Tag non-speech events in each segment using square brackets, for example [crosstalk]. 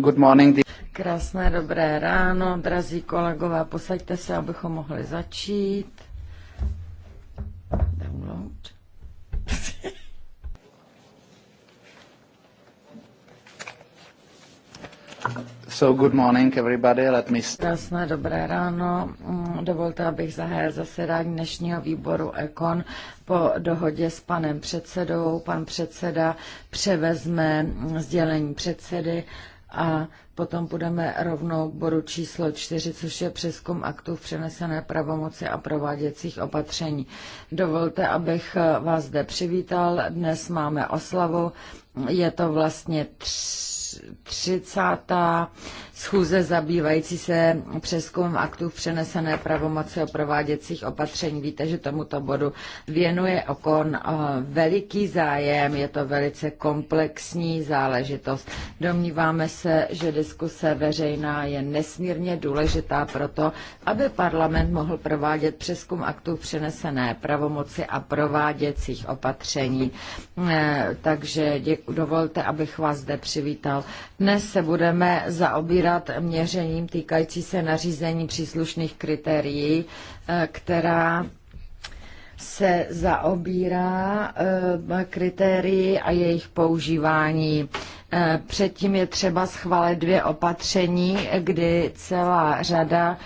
Good morning. Krásné dobré ráno, drazí kolegové, posaďte se, abychom mohli začít. Download. So good morning everybody, let me... Krásné dobré ráno, Dovolte, abych zahájil zasedání dnešního výboru Ekon po dohodě s panem předsedou. Pan předseda převezme sdělení předsedy a potom budeme rovnou k bodu číslo 4, což je přeskum aktů v přenesené pravomoci a prováděcích opatření. Dovolte, abych vás zde přivítal. Dnes máme oslavu. Je to vlastně tři 30. schůze zabývající se přeskum aktů v přenesené pravomoci o prováděcích opatření. Víte, že tomuto bodu věnuje Okon eh, veliký zájem, je to velice komplexní záležitost. Domníváme se, že diskuse veřejná je nesmírně důležitá proto, aby parlament mohl provádět přeskum aktů v přenesené pravomoci a prováděcích opatření. Eh, takže děku, dovolte, abych vás zde přivítal dnes se budeme zaobírat měřením týkající se nařízení příslušných kritérií, eh, která se zaobírá eh, kritérií a jejich používání. Eh, předtím je třeba schválit dvě opatření, kdy celá řada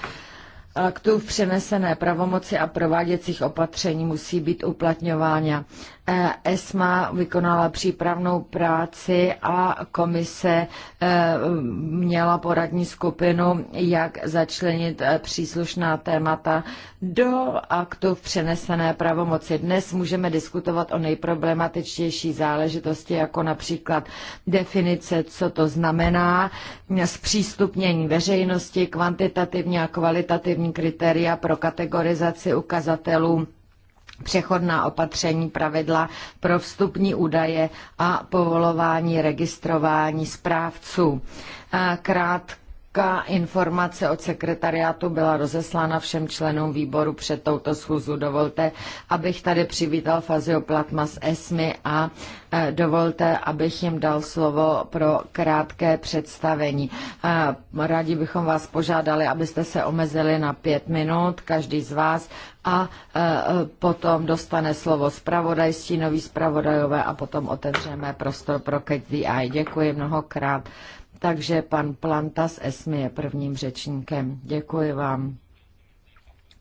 aktů v přenesené pravomoci a prováděcích opatření musí být uplatňována. Eh, ESMA vykonala přípravnou práci a komise eh, měla poradní skupinu, jak začlenit eh, příslušná témata do aktu v přenesené pravomoci. Dnes můžeme diskutovat o nejproblematičtější záležitosti, jako například definice, co to znamená, zpřístupnění veřejnosti, kvantitativní a kvalitativní kritéria pro kategorizaci ukazatelů přechodná opatření pravidla pro vstupní údaje a povolování registrování správců. Krátká informace od sekretariátu byla rozeslána všem členům výboru před touto schůzu. Dovolte, abych tady přivítal Fazio Platma z ESMI a e, dovolte, abych jim dal slovo pro krátké představení. Rádi bychom vás požádali, abyste se omezili na pět minut, každý z vás, a e, potom dostane slovo zpravodaj, stínový zpravodajové a potom otevřeme prostor pro Cathy Děkuji mnohokrát. Takže pan Plantas, ESMI je prvním řečníkem. Děkuji vám.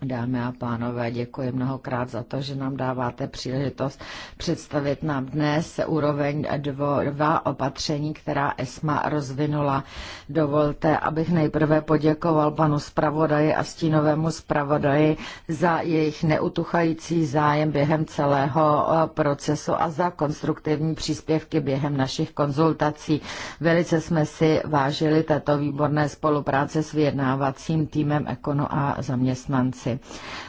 Dámy a pánové, děkuji mnohokrát za to, že nám dáváte příležitost představit nám dnes úroveň dvo, dva opatření, která ESMA rozvinula. Dovolte, abych nejprve poděkoval panu zpravodaji a stínovému zpravodaji za jejich neutuchající zájem během celého eh, procesu a za konstruktivní příspěvky během našich konzultací. Velice jsme si vážili této výborné spolupráce s vyjednávacím týmem Ekonu a zaměstnanci rámci.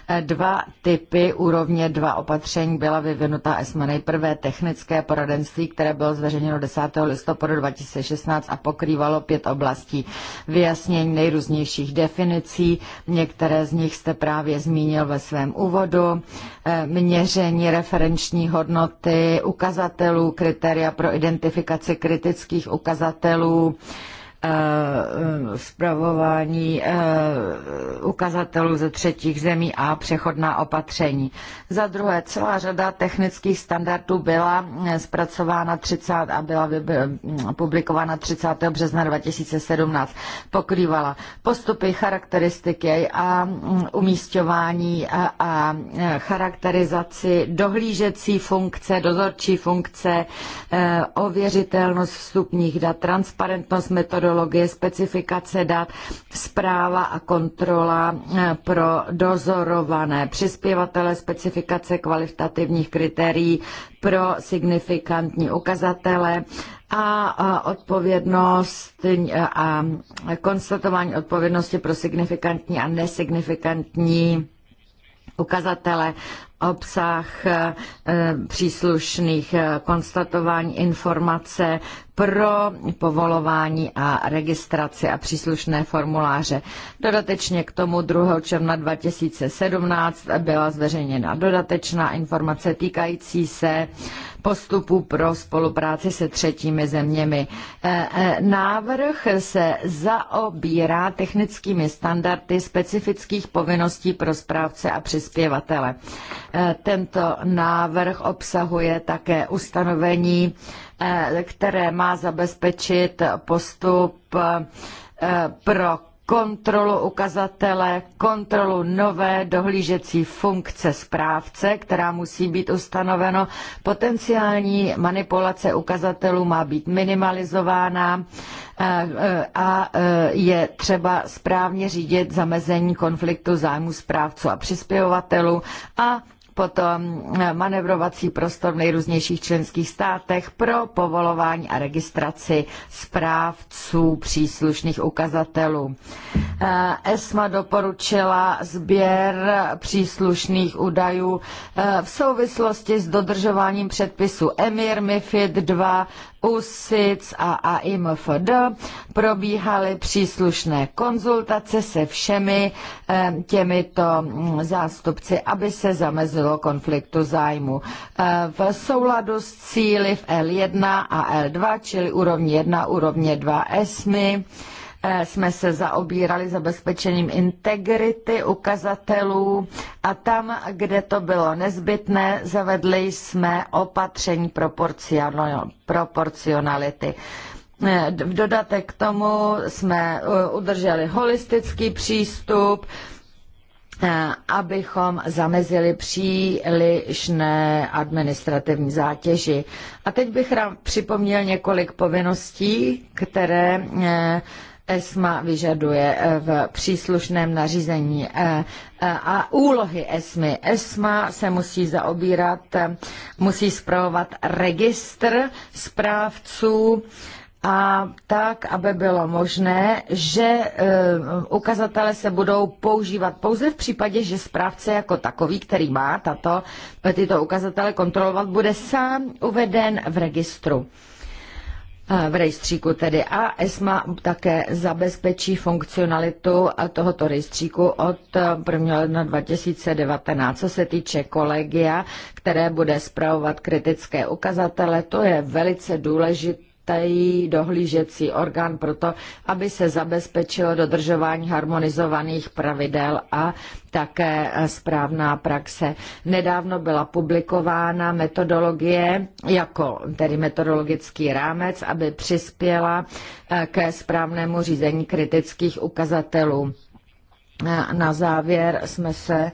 E, dva typy úrovně dva opatření byla vyvinuta ESMA. Nejprve technické poradenství, které bylo zveřejněno 10. listopadu 2016 a pokrývalo pět oblastí. Vyjasnění nejrůznějších definicí, některé z nich jste právě zmínil ve svém úvodu, e, měření referenční hodnoty ukazatelů, kritéria pro identifikaci kritických ukazatelů, zpravování eh, eh, ukazatelů ze třetích zemí a přechodná opatření. Za druhé, celá řada technických standardů byla eh, zpracována 30 a byla publikována 30. března 2017. Pokrývala postupy, charakteristiky a mm, umístování a, a charakterizaci, dohlížecí funkce, dozorčí funkce, ověřitelnost vstupních dat, transparentnost metodologie, metodologie, specifikace dat, zpráva a kontrola eh, pro dozorované přispěvatele, specifikace kvalitativních kritérií pro signifikantní ukazatele a eh, odpovědnost eh, a konstatování odpovědnosti pro signifikantní a nesignifikantní ukazatele, obsah příslušných konstatování, informace pro povolování a registraci a příslušné formuláře. Dodatečně k tomu 2. června 2017 byla zveřejněna dodatečná informace týkající se postupu pro spolupráci se třetími zeměmi. E, e, návrh se zaobírá technickými standardy specifických povinností pro správce a přispěvatele. E, tento návrh obsahuje také ustanovení Eh, které má zabezpečit postup eh, pro kontrolu ukazatele, kontrolu nové dohlížecí funkce správce, která musí být ustanoveno. Potenciální manipulace ukazatelů má být minimalizována eh, a je třeba správně řídit zamezení konfliktu zájmu správců a přispěvatelů a potom eh, manevrovací prostor v nejrůznějších členských státech pro povolování a registraci správců příslušných ukazatelů. Eh, ESMA doporučila sběr příslušných údajů eh, v souvislosti s dodržováním předpisu EMIR, MIFID 2, USIC a AIMFD probíhaly příslušné konzultace se všemi těmito mm, zástupci, aby se zamezilo toho konfliktu zájmu. E, v souladu s cíly v L1 a L2, čili úrovně 1, úrovně 2 ESMI, e, jsme se zaobírali zabezpečením integrity ukazatelů a tam, kde to bylo nezbytné, zavedli jsme opatření proporcionality. E, v dodatek k tomu jsme udrželi holistický přístup, Eh, abychom zamezili přílišné administrativní zátěži. A teď bych rám připomněl několik povinností, které eh, ESMA vyžaduje eh, v příslušném nařízení a úlohy ESMY. ESMA se musí zaobírat, musí zpravovat registr správců, a tak, aby bylo možné, že e, ukazatele se budou používat pouze v případě, že správce jako takový, který má tato, tyto ukazatele kontrolovat, bude sám uveden v registru e, v rejstříku tedy a ESMA také zabezpečí funkcionalitu tohoto rejstříku od 1. E, ledna 2019. Co se týče kolegia, které bude zpravovat kritické ukazatele, to je velice důležité chystají dohlížecí orgán proto, aby se zabezpečilo dodržování harmonizovaných pravidel a také správná praxe. Nedávno byla publikována metodologie jako tedy metodologický rámec, aby přispěla eh, ke správnému řízení kritických ukazatelů. Eh, na závěr jsme se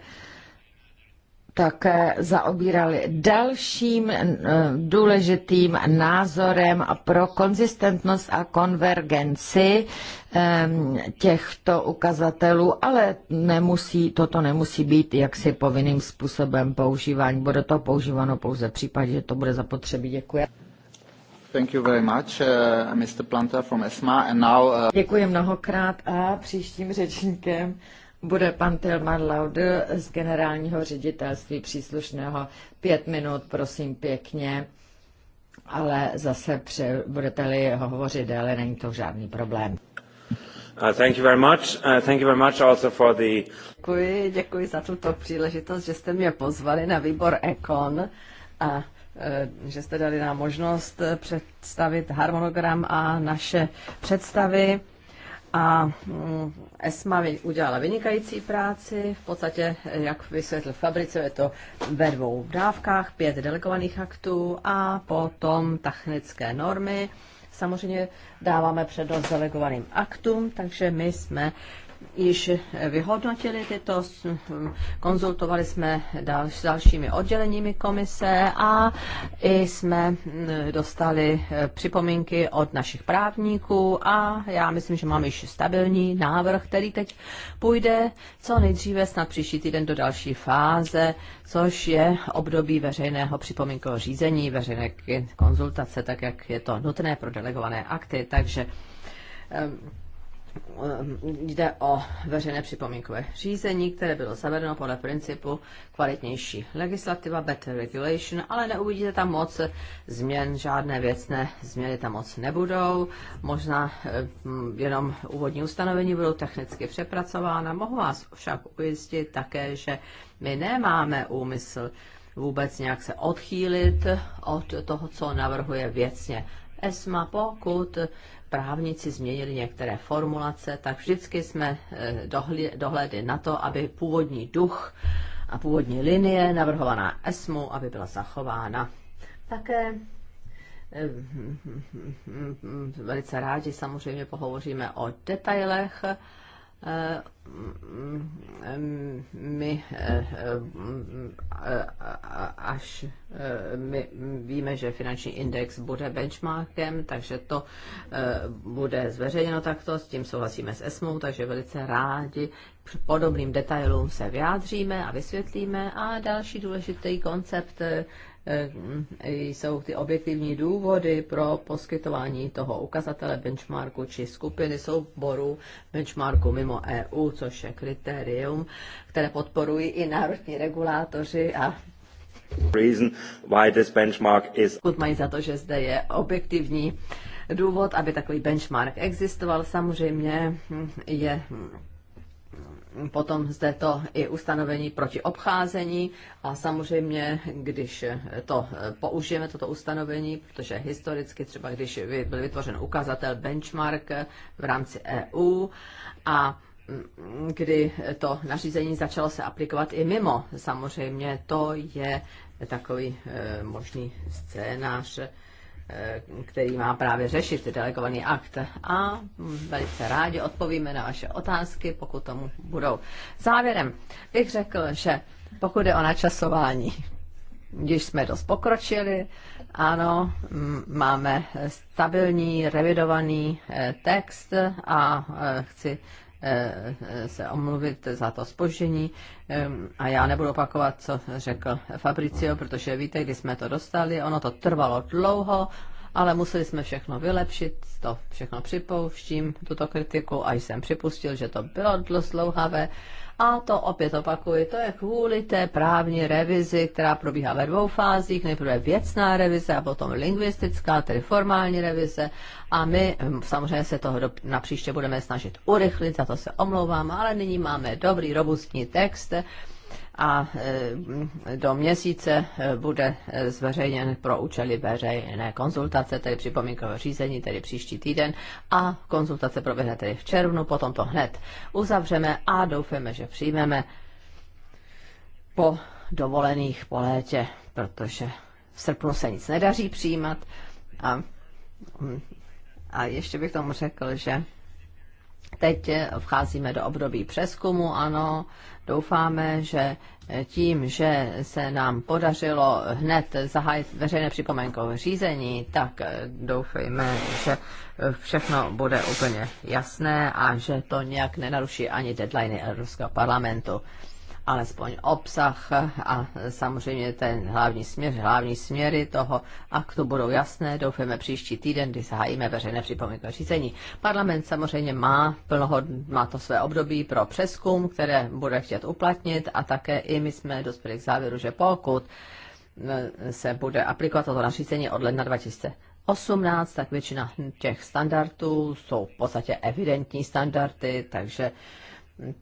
také zaobírali dalším eh, důležitým názorem pro konzistentnost a konvergenci ehm, těchto ukazatelů, ale nemusí, toto nemusí být jaksi povinným způsobem používání. Bude to používáno pouze v případě, že to bude zapotřebí. Děkuji. Thank you very much, uh, Mr. Planta from ESMA. And now, uh... Děkuji mnohokrát a příštím řečníkem bude pan Tilman Laude z generálního ředitelství příslušného. Pět minut, prosím, pěkně. Ale zase pře- budete-li ho hovořit déle, není to žádný problém. Uh, thank you very much. Uh, thank you very much also for the... Děkuji, děkuji za tuto příležitost, že jste mě pozvali na výbor Econ a uh, že jste dali nám možnost představit harmonogram a naše představy. A mm, ESMA udělala vynikající práci, v podstatě, jak vysvětlil Fabricio, je to ve dvou dávkách, pět delegovaných aktů a potom technické normy. Samozřejmě dáváme přednost delegovaným aktům, takže my jsme již vyhodnotili tyto, konzultovali jsme dal, s dalšími odděleními komise a i jsme mm, dostali eh, připomínky od našich právníků a já myslím, že mám již stabilní návrh, který teď půjde co nejdříve snad příští týden do další fáze, což je období veřejného připomínkového řízení, veřejné konzultace, tak jak je to nutné pro delegované akty. Takže eh, Ehm, jde o veřejné připomínkové řízení, které bylo zavedeno podle principu kvalitnější legislativa, better regulation, ale neuvidíte tam moc změn, žádné věcné změny tam moc nebudou, možná ehm, jenom úvodní ustanovení budou technicky přepracována. Mohu vás však ujistit také, že my nemáme úmysl vůbec nějak se odchýlit od toho, co navrhuje věcně ESMA, pokud právníci změnili některé formulace, tak vždycky jsme e, dohledli na to, aby původní duch a původní linie navrhovaná ESMU, aby byla zachována. Také e, velice rádi samozřejmě pohovoříme o detailech my až my víme, že finanční index bude benchmarkem, takže to bude zveřejněno takto, s tím souhlasíme s ESMou, takže velice rádi k podobným detailům se vyjádříme a vysvětlíme. A další důležitý koncept Eh, eh, jsou ty objektivní důvody pro poskytování toho ukazatele benchmarku či skupiny souborů benchmarku mimo EU, což je kritérium, které podporují i národní regulátoři a reason why this benchmark is... Pokud mají za to, že zde je objektivní důvod, aby takový benchmark existoval, samozřejmě je Potom zde to i ustanovení proti obcházení a samozřejmě, když to použijeme, toto ustanovení, protože historicky třeba, když byl vytvořen ukazatel benchmark v rámci EU a kdy to nařízení začalo se aplikovat i mimo. Samozřejmě to je takový eh, možný scénář, Eh, který má právě řešit delegovaný akt. A velice rádi odpovíme na vaše otázky, pokud tomu budou. Závěrem bych řekl, že pokud je o načasování, když jsme dost pokročili, ano, máme stabilní, revidovaný eh, text a eh, chci Eh, se omluvit za to spoždění a já nebudu opakovat, co řekl Fabricio, protože víte, kdy jsme to dostali, ono to trvalo dlouho, ale museli jsme všechno vylepšit, to všechno připouštím, tuto kritiku a jsem připustil, že to bylo dlouhavé, a to opět opakuji, to je kvůli té právní revizi, která probíhá ve dvou fázích. Nejprve věcná revize a potom lingvistická, tedy formální revize. A my samozřejmě se toho do, na příště budeme snažit urychlit, za to se omlouvám, ale nyní máme dobrý, robustní text, a e, do měsíce e, bude e, zveřejněn pro účely veřejné konzultace, tedy připomínkové řízení, tedy příští týden a konzultace proběhne tedy v červnu, potom to hned uzavřeme a doufáme, že přijmeme po dovolených po létě, protože v srpnu se nic nedaří přijímat a, a ještě bych tomu řekl, že Teď eh, vcházíme do období přeskumu, ano, doufáme, že eh, tím, že se nám podařilo hned zahájit veřejné připomenkové řízení, tak eh, doufejme, že všechno bude úplně jasné a že to nějak nenaruší ani deadliny Evropského parlamentu alespoň obsah a samozřejmě ten hlavní směr, hlavní směry toho aktu budou jasné. Doufujeme příští týden, kdy zahájíme veřejné připomínkové řízení. Parlament samozřejmě má, plnoho, má to své období pro přeskum, které bude chtět uplatnit a také i my jsme dospěli k závěru, že pokud eh, se bude aplikovat toto nařízení od ledna 2000 18, tak většina těch standardů jsou v podstatě evidentní standardy, takže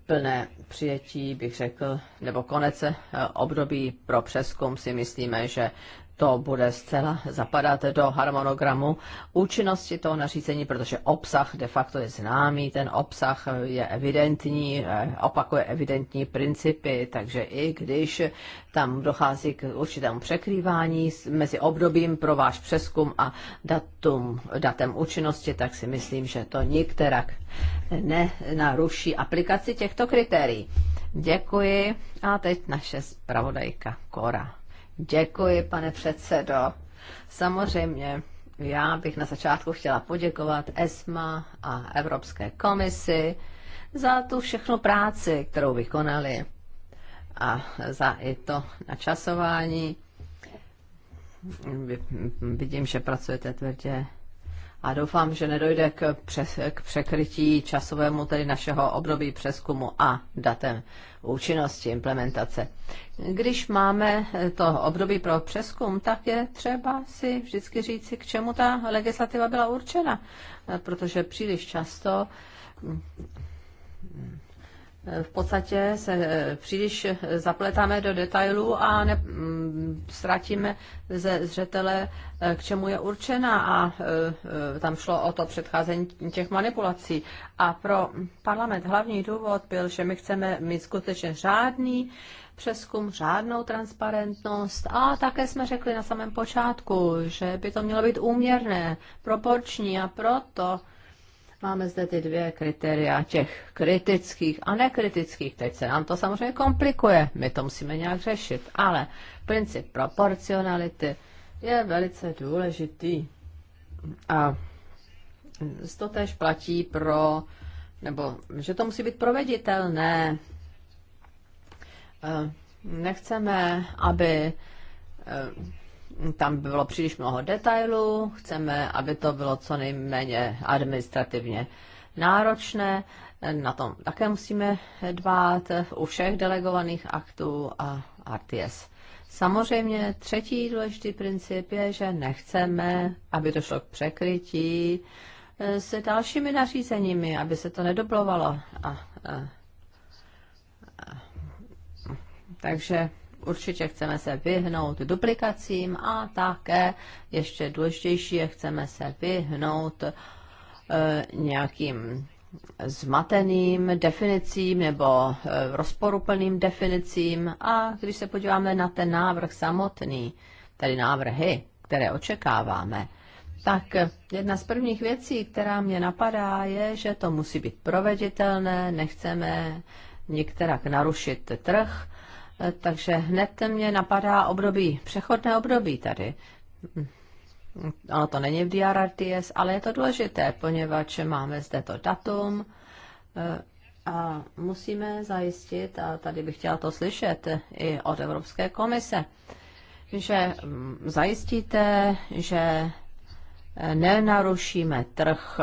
plné přijetí, bych řekl, nebo konec eh, období pro přeskum si myslíme, že to bude zcela zapadat do harmonogramu účinnosti toho nařízení, protože obsah de facto je známý, ten obsah je evidentní, eh, opakuje evidentní principy, takže i když tam dochází k určitému překrývání mezi obdobím pro váš přeskum a datum, datem účinnosti, tak si myslím, že to nikterak nenaruší aplikaci těchto kritérií. Děkuji. A teď naše zpravodajka Kora. Děkuji, pane předsedo. Samozřejmě, já bych na začátku chtěla poděkovat ESMA a Evropské komisi za tu všechnu práci, kterou vykonali a za i to načasování. Vidím, že pracujete tvrdě a doufám, že nedojde k, přes, k překrytí časovému tedy našeho období přeskumu a datem účinnosti implementace. Když máme to období pro přeskum, tak je třeba si vždycky říci, k čemu ta legislativa byla určena, protože příliš často v podstatě se eh, příliš eh, zapletáme do detailů a ne, mm, ztratíme ze zřetele, eh, k čemu je určena a tam šlo o to předcházení těch manipulací. A pro parlament hlavní důvod byl, že my chceme mít skutečně řádný přeskum, řádnou transparentnost a také jsme řekli na samém počátku, že by to mělo být úměrné, proporční a proto Máme zde ty dvě kritéria těch kritických a nekritických. Teď se nám to samozřejmě komplikuje, my to musíme nějak řešit, ale princip proporcionality je velice důležitý. A to tež platí pro, nebo že to musí být proveditelné. Eh, nechceme, aby eh, tam by bylo příliš mnoho detailů, chceme, aby to bylo co nejméně administrativně náročné, na tom také musíme dbát u všech delegovaných aktů a RTS. Samozřejmě třetí důležitý princip je, že nechceme, aby došlo k překrytí eh, se dalšími nařízeními, aby se to nedoblovalo. A, a, a, takže určitě chceme se vyhnout duplikacím a také ještě důležitější je, chceme se vyhnout e, nějakým zmateným definicím nebo e, rozporuplným definicím. A když se podíváme na ten návrh samotný, tedy návrhy, které očekáváme, tak jedna z prvních věcí, která mě napadá, je, že to musí být proveditelné, nechceme některak narušit trh Eh, takže hned mě napadá období, přechodné období tady. ale mm, to není v DRRTS, ale je to důležité, poněvadž máme zde to datum eh, a musíme zajistit, a tady bych chtěla to slyšet i od Evropské komise, že mm, zajistíte, že eh, nenarušíme trh,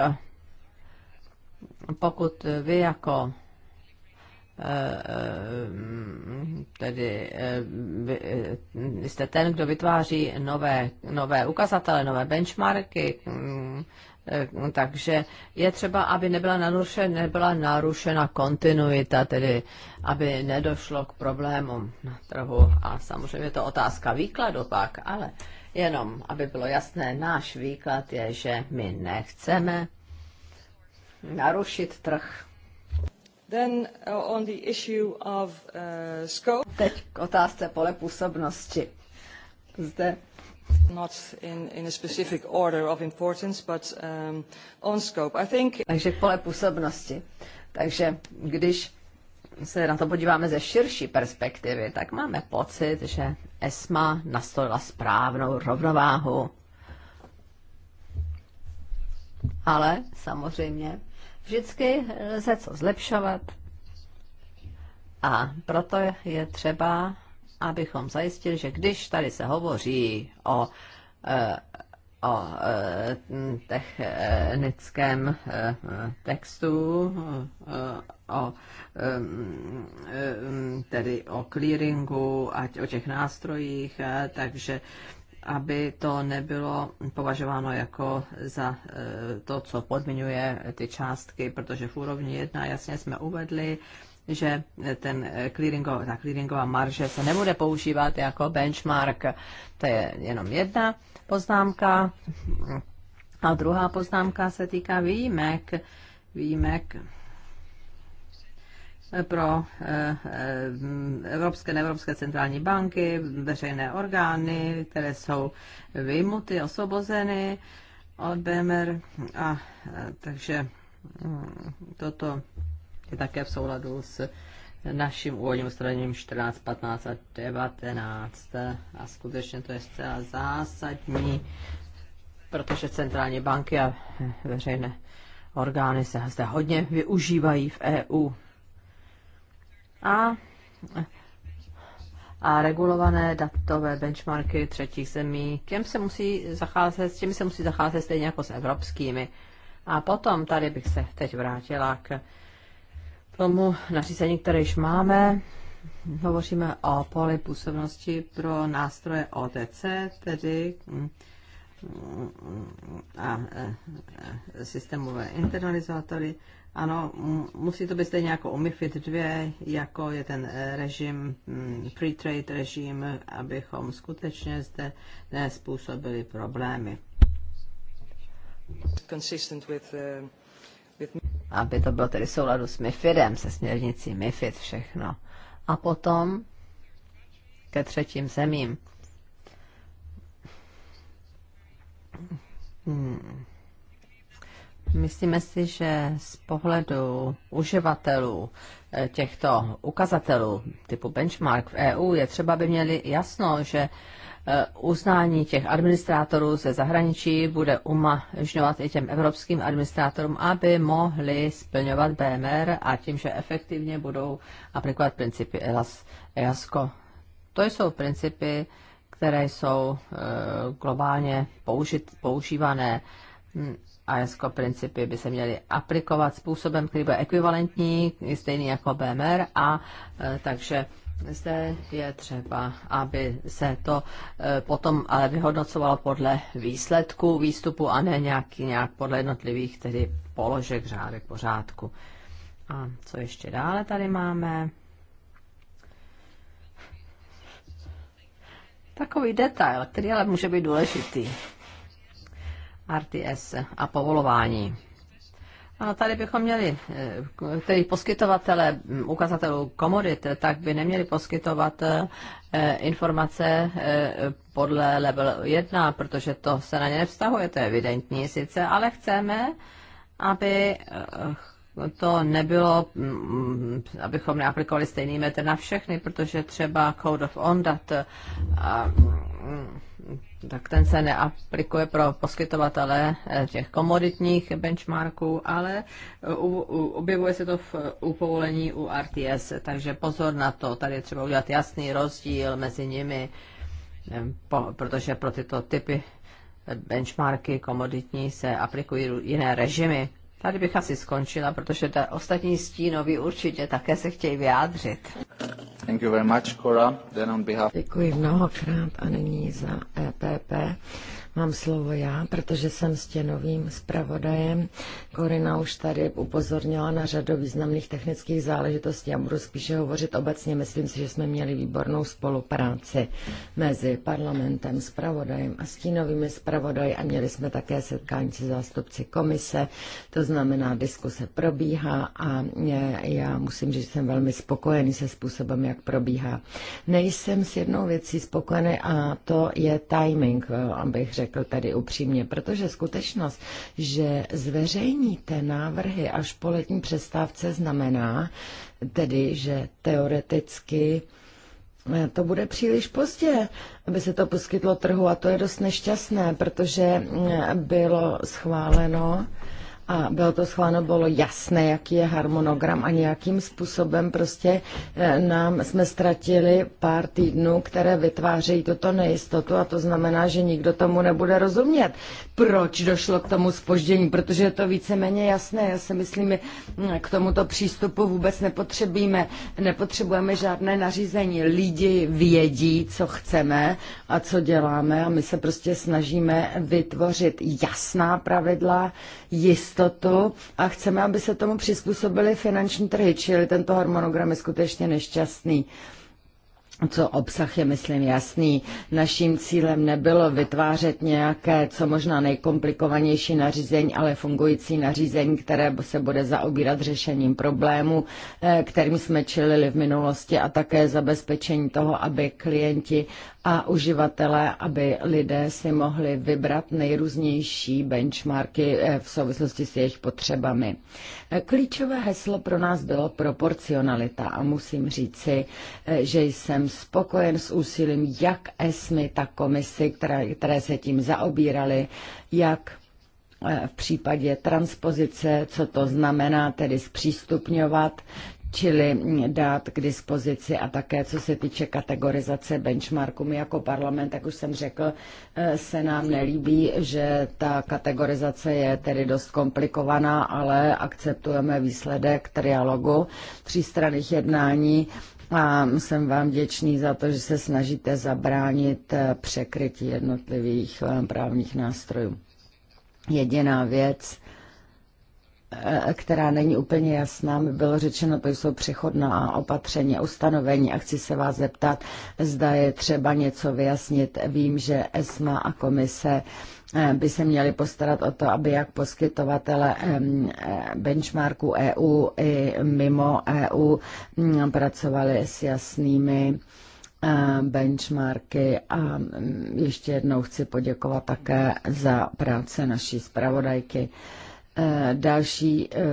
pokud vy jako Eh, eh, tedy eh, vy jste ten, kdo vytváří nové, nové ukazatele, nové benchmarky, mm, takže je třeba, aby nebyla narušena, nebyla narušena kontinuita, tedy aby nedošlo k problémům na trhu. A samozřejmě je to otázka výkladu pak, ale jenom, aby bylo jasné, náš výklad je, že my nechceme narušit trh Then uh, on the issue of, uh, scope. Teď k otázce pole působnosti. Zde not in, in a specific order of importance, but um, on scope. I think... Takže k pole působnosti. Takže když se na to podíváme ze širší perspektivy, tak máme pocit, že ESMA nastolila správnou rovnováhu. Ale samozřejmě Vždycky lze co zlepšovat a proto je třeba, abychom zajistili, že když tady se hovoří o e, o e, technickém e, textu, o, tedy o clearingu, ať o těch nástrojích, takže aby to nebylo považováno jako za e, to, co podmiňuje ty částky, protože v úrovni 1 jasně jsme uvedli, že ten clearingo, ta clearingová marže se nebude používat jako benchmark. To je jenom jedna poznámka. A druhá poznámka se týká výjimek. Výjimek pro eh, eh, evropské, neevropské centrální banky, veřejné orgány, které jsou vyjmuty, osvobozeny od BMR. A eh, takže mm, toto je také v souladu s naším úvodním ustanovením 14, 15 a 19. A skutečně to je zcela zásadní, protože centrální banky a veřejné orgány se zde hodně využívají v EU a, a regulované datové benchmarky třetích zemí, těm se musí zacházet, s těmi se musí zacházet stejně jako s evropskými. A potom tady bych se teď vrátila k tomu nařízení, které již máme. Hovoříme o poli působnosti pro nástroje OTC, tedy hm, a systémové internalizátory. Ano, musí to být stejně jako u MIFID 2, jako je ten eh, režim, free hm, trade režim, abychom skutečně zde nespůsobili problémy. Eh, Aby to bylo tedy souladu s MIFIDem, se směrnicí MIFID všechno. A potom ke třetím zemím Hmm. Myslíme si, že z pohledu uživatelů eh, těchto ukazatelů typu benchmark v EU je třeba, by měli jasno, že eh, uznání těch administrátorů ze zahraničí bude umožňovat i těm evropským administrátorům, aby mohli splňovat BMR a tím, že efektivně budou aplikovat principy EASCO. E to jsou principy, které jsou eh, globálně použit, používané. Hm, a jako principy by se měly aplikovat způsobem, který bude ekvivalentní, stejný jako BMR, a eh, takže zde je třeba, aby se to eh, potom ale vyhodnocovalo podle výsledku výstupu a ne nějaký nějak podle jednotlivých tedy položek, řádek, pořádku. A co ještě dále tady máme? Takový detail, který ale může být důležitý. RTS a povolování. A tady bychom měli, eh, tedy poskytovatele hm, ukazatelů komodit, tak by neměli poskytovat eh, informace eh, podle level 1, protože to se na ně nevztahuje, to je evidentní sice, ale chceme, aby to nebylo, mm, abychom neaplikovali stejný metr na všechny, protože třeba Code of Ondat, eh, mm, tak ten se neaplikuje pro poskytovatele eh, těch komoditních benchmarků, ale eh, u, u, objevuje se to v, u povolení u RTS, takže pozor na to, tady je třeba udělat jasný rozdíl mezi nimi, protože pro tyto typy benchmarky komoditní se aplikují jiné režimy Tady bych asi skončila, protože ta ostatní stínoví určitě také se chtějí vyjádřit. Thank you very much, Cora. Then on behalf... Děkuji mnohokrát a nyní za EPP Mám slovo já, protože jsem stěnovým zpravodajem. Korina už tady upozornila na řadu významných technických záležitostí. a budu spíše hovořit obecně. Myslím si, že jsme měli výbornou spolupráci mezi parlamentem, zpravodajem a stínovými zpravodaji a měli jsme také setkání se zástupci komise. To znamená, diskuse probíhá a já musím říct, že jsem velmi spokojený se způsobem, jak probíhá. Nejsem s jednou věcí spokojený a to je timing, eh, abych řekl řekl tedy upřímně, protože skutečnost, že zveřejníte návrhy až po letní přestávce znamená tedy, že teoreticky eh, to bude příliš pozdě, aby se to poskytlo trhu a to je dost nešťastné, protože eh, bylo schváleno a bylo to schváleno, bylo jasné, jaký je harmonogram a nějakým způsobem prostě eh, nám jsme ztratili pár týdnů, které vytvářejí toto nejistotu a to znamená, že nikdo tomu nebude rozumět proč došlo k tomu spoždění, protože je to víceméně jasné. Já si myslím, že k tomuto přístupu vůbec nepotřebujeme. nepotřebujeme žádné nařízení. Lidi vědí, co chceme a co děláme a my se prostě snažíme vytvořit jasná pravidla, jistotu a chceme, aby se tomu přizpůsobili finanční trhy, čili tento harmonogram je skutečně nešťastný co obsah je, myslím, jasný. Naším cílem nebylo vytvářet nějaké, co možná nejkomplikovanější nařízení, ale fungující nařízení, které se bude zaobírat řešením problémů, eh, kterým jsme čelili v minulosti a také zabezpečení toho, aby klienti a uživatelé, aby lidé si mohli vybrat nejrůznější benchmarky eh, v souvislosti s jejich potřebami. Eh, klíčové heslo pro nás bylo proporcionalita a musím říci, eh, že jsem spokojen s úsilím jak ESMY, tak komisy, které, které se tím zaobíraly, jak v případě transpozice, co to znamená tedy zpřístupňovat čili dát k dispozici a také co se týče kategorizace benchmarku. My jako parlament, jak už jsem řekl, eh, se nám nelíbí, že ta kategorizace je tedy dost komplikovaná, ale akceptujeme výsledek trialogu třístranných jednání a jsem vám děčný za to, že se snažíte zabránit eh, překrytí jednotlivých eh, právních nástrojů. Jediná věc, Eh, která není úplně jasná, mi bylo řečeno, to jsou přechodná opatření, ustanovení a chci se vás zeptat, zda je třeba něco vyjasnit. Vím, že ESMA a komise eh, by se měli postarat o to, aby jak poskytovatele eh, benchmarku EU i mimo EU mm, pracovali s jasnými benchmarky a mm, ještě jednou chci poděkovat také za práce naší zpravodajky. Eh, další eh,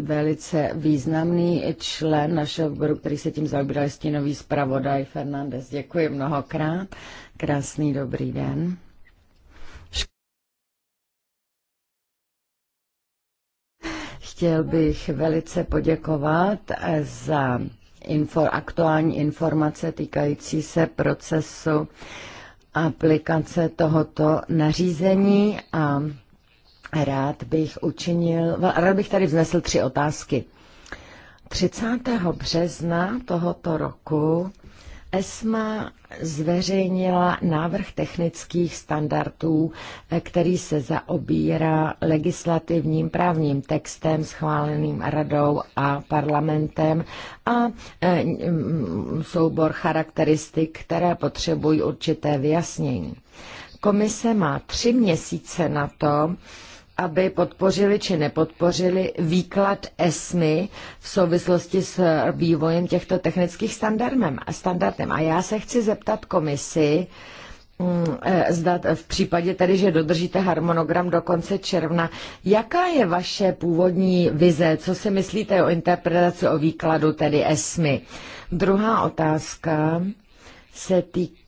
velice významný člen našeho výboru, který se tím zaobíral, je stínový zpravodaj Fernandez. Děkuji mnohokrát. Krásný dobrý den. Chtěl bych velice poděkovat eh, za info, aktuální informace týkající se procesu aplikace tohoto nařízení a Rád bych učinil, rád bych tady vznesl tři otázky. 30. března tohoto roku ESMA zveřejnila návrh technických standardů, eh, který se zaobírá legislativním právním textem schváleným radou a parlamentem a eh, mm, soubor charakteristik, které potřebují určité vyjasnění. Komise má tři měsíce na to, aby podpořili či nepodpořili výklad ESMI v souvislosti s vývojem těchto technických standardem. standardem. A já se chci zeptat komisi, mm, eh, zdat v případě tedy, že dodržíte harmonogram do konce června. Jaká je vaše původní vize? Co si myslíte o interpretaci, o výkladu tedy ESMI? Druhá otázka se týká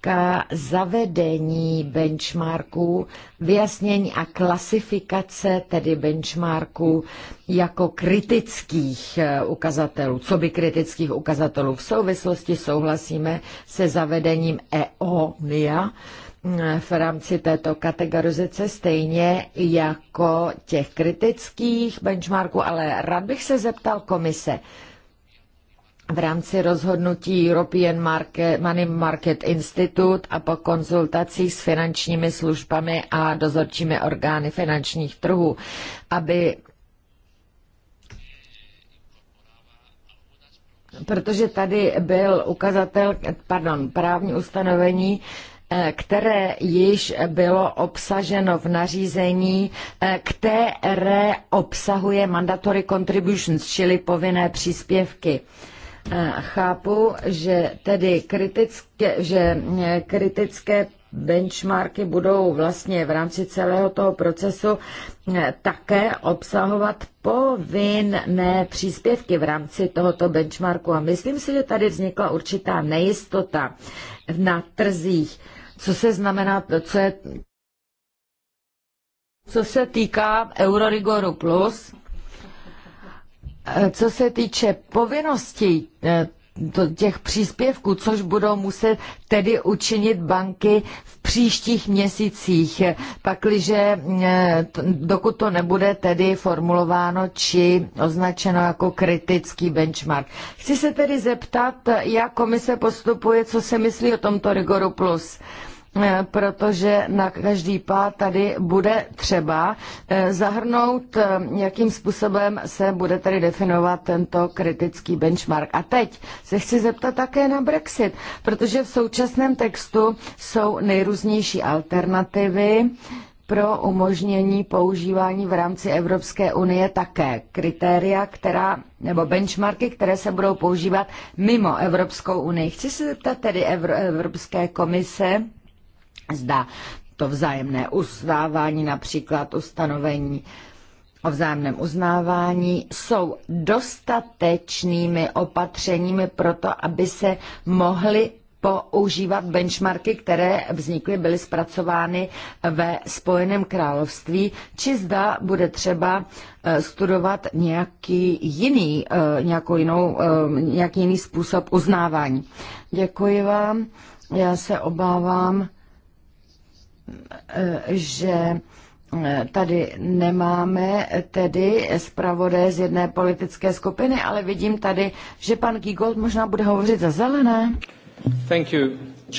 otázka zavedení benchmarků, vyjasnění a klasifikace tedy benchmarků jako kritických eh, ukazatelů, co by kritických ukazatelů. V souvislosti souhlasíme se zavedením EONIA eh, v rámci této kategorizace stejně jako těch kritických benchmarků, ale rád bych se zeptal komise, v rámci rozhodnutí European Market, Money Market Institute a po konzultacích s finančními službami a dozorčími orgány finančních trhů, aby protože tady byl ukazatel, pardon, právní ustanovení, eh, které již bylo obsaženo v nařízení, eh, které obsahuje mandatory contributions, čili povinné příspěvky. Eh, chápu, že tedy kritické, že eh, kritické benchmarky budou vlastně v rámci celého toho procesu eh, také obsahovat povinné příspěvky v rámci tohoto benchmarku. A myslím si, že tady vznikla určitá nejistota na trzích. Co se znamená, co je co se týká Eurorigoru Plus, Eh, co se týče povinností eh, těch příspěvků, což budou muset tedy učinit banky v příštích měsících, pakliže eh, dokud to nebude tedy formulováno či označeno jako kritický benchmark. Chci se tedy zeptat, jak komise postupuje, co se myslí o tomto rigoru plus. Eh, protože na každý pád tady bude třeba eh, zahrnout, eh, jakým způsobem se bude tady definovat tento kritický benchmark. A teď se chci zeptat také na Brexit, protože v současném textu jsou nejrůznější alternativy pro umožnění používání v rámci Evropské unie také kritéria, která, nebo benchmarky, které se budou používat mimo Evropskou unii. Chci se zeptat tedy Evropské komise, Zda to vzájemné uznávání, například ustanovení o vzájemném uznávání, jsou dostatečnými opatřeními pro to, aby se mohly používat benchmarky, které vznikly, byly zpracovány ve Spojeném království, či zda bude třeba eh, studovat nějaký jiný, eh, nějakou jinou, eh, nějaký jiný způsob uznávání. Děkuji vám. Já se obávám, že eh, tady nemáme tedy zpravodaje z jedné politické skupiny, ale vidím tady, že pan Gigold možná bude hovořit za zelené. Thank you.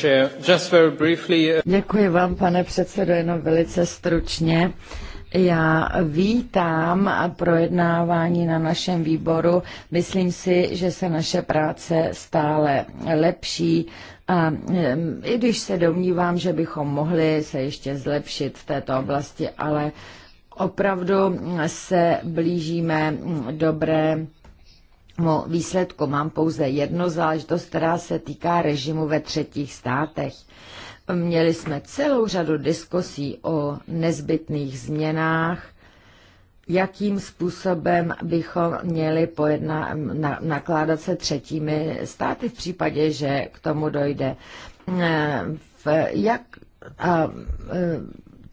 Chair. Just very briefly, uh... Děkuji vám, pane předsedo, jenom velice stručně. Já vítám projednávání na našem výboru. Myslím si, že se naše práce stále lepší a i když se domnívám, že bychom mohli se ještě zlepšit v této oblasti, ale opravdu se blížíme mm, dobré mm, výsledku. Mám pouze jednu záležitost, která se týká režimu ve třetích státech. Měli jsme celou řadu diskusí o nezbytných změnách jakým způsobem bychom měli pojedna, na, nakládat se třetími státy v případě, že k tomu dojde. E, v, jak, a, a, e,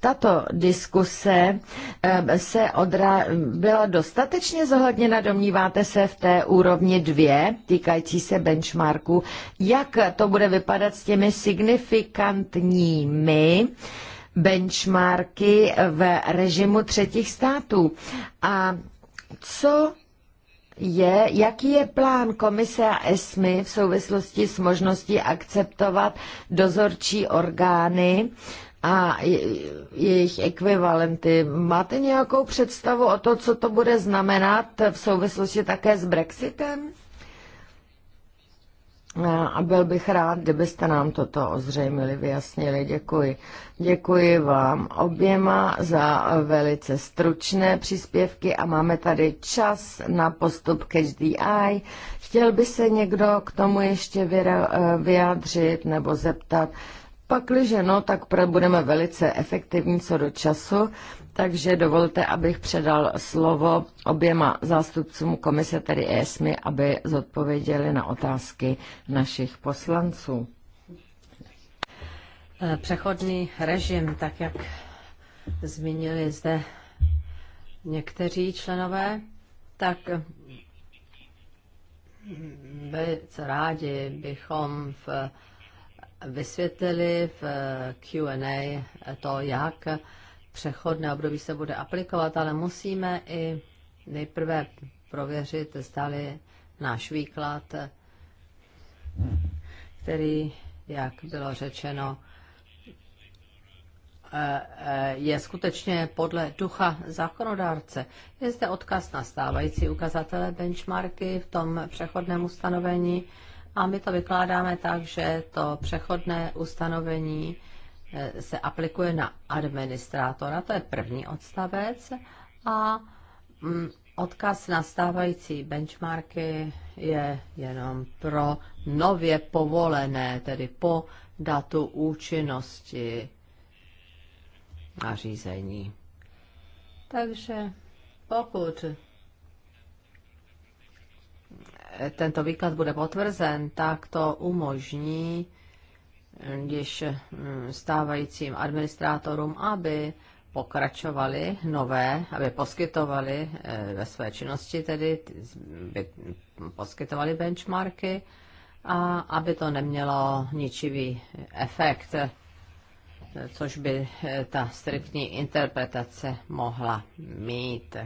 tato diskuse e, se odra- byla dostatečně zohledněna, domníváte se, v té úrovni dvě, týkající se benchmarku. Jak to bude vypadat s těmi signifikantními benchmarky v režimu třetích států. A co je, jaký je plán komise a ESMY v souvislosti s možností akceptovat dozorčí orgány a jejich ekvivalenty. Máte nějakou představu o to, co to bude znamenat v souvislosti také s Brexitem? No, a byl bych rád, kdybyste nám toto ozřejmili, vyjasnili. Děkuji. Děkuji vám oběma za velice stručné příspěvky a máme tady čas na postup Catch the Eye. Chtěl by se někdo k tomu ještě eh, vyjádřit nebo zeptat? Pakliže no, tak budeme velice efektivní co do času, takže dovolte, abych předal slovo oběma zástupcům komise, tedy ESMI, aby zodpověděli na otázky našich poslanců. Eh, přechodný režim, tak jak zmínili zde někteří členové, tak velice rádi bychom v vysvětlili v eh, Q&A eh, to, jak přechodné období se bude aplikovat, ale musíme i nejprve prověřit, zdali náš výklad, který, jak bylo řečeno, eh, je skutečně podle ducha zákonodárce. Je zde odkaz na stávající ukazatele benchmarky v tom přechodném ustanovení a my to vykládáme tak, že to přechodné ustanovení eh, se aplikuje na administrátora, to je první odstavec, a mm, odkaz na stávající benchmarky je jenom pro nově povolené, tedy po datu účinnosti nařízení. Takže pokud tento výklad bude potvrzen, tak to umožní když mm, stávajícím administrátorům, aby pokračovali nové, aby poskytovali eh, ve své činnosti, tedy poskytovali benchmarky a aby to nemělo ničivý efekt, což by eh, ta striktní interpretace mohla mít.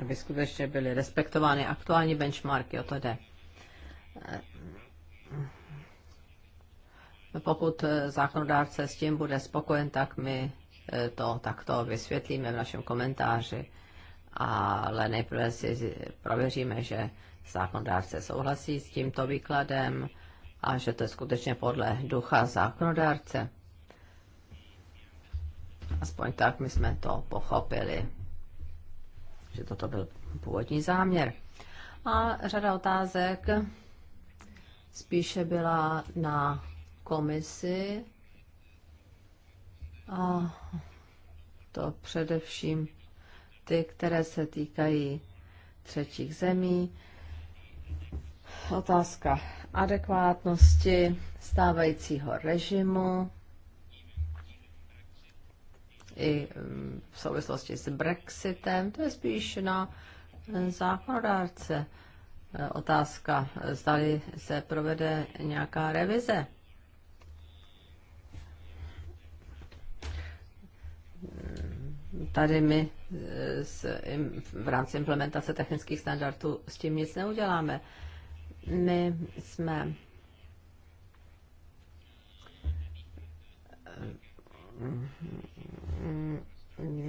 aby skutečně byly respektovány aktuální benchmarky, o to jde. Eh, pokud eh, zákonodárce s tím bude spokojen, tak my eh, to takto vysvětlíme v našem komentáři, ale nejprve si prověříme, že zákonodárce souhlasí s tímto výkladem a že to je skutečně podle ducha zákonodárce. Aspoň tak my jsme to pochopili že toto byl původní záměr. A řada otázek spíše byla na komisi a to především ty, které se týkají třetích zemí. Otázka adekvátnosti stávajícího režimu i v souvislosti s Brexitem. To je spíš na zákonodárce e, otázka, zda se provede nějaká revize. Tady my e, v rámci implementace technických standardů s tím nic neuděláme. My jsme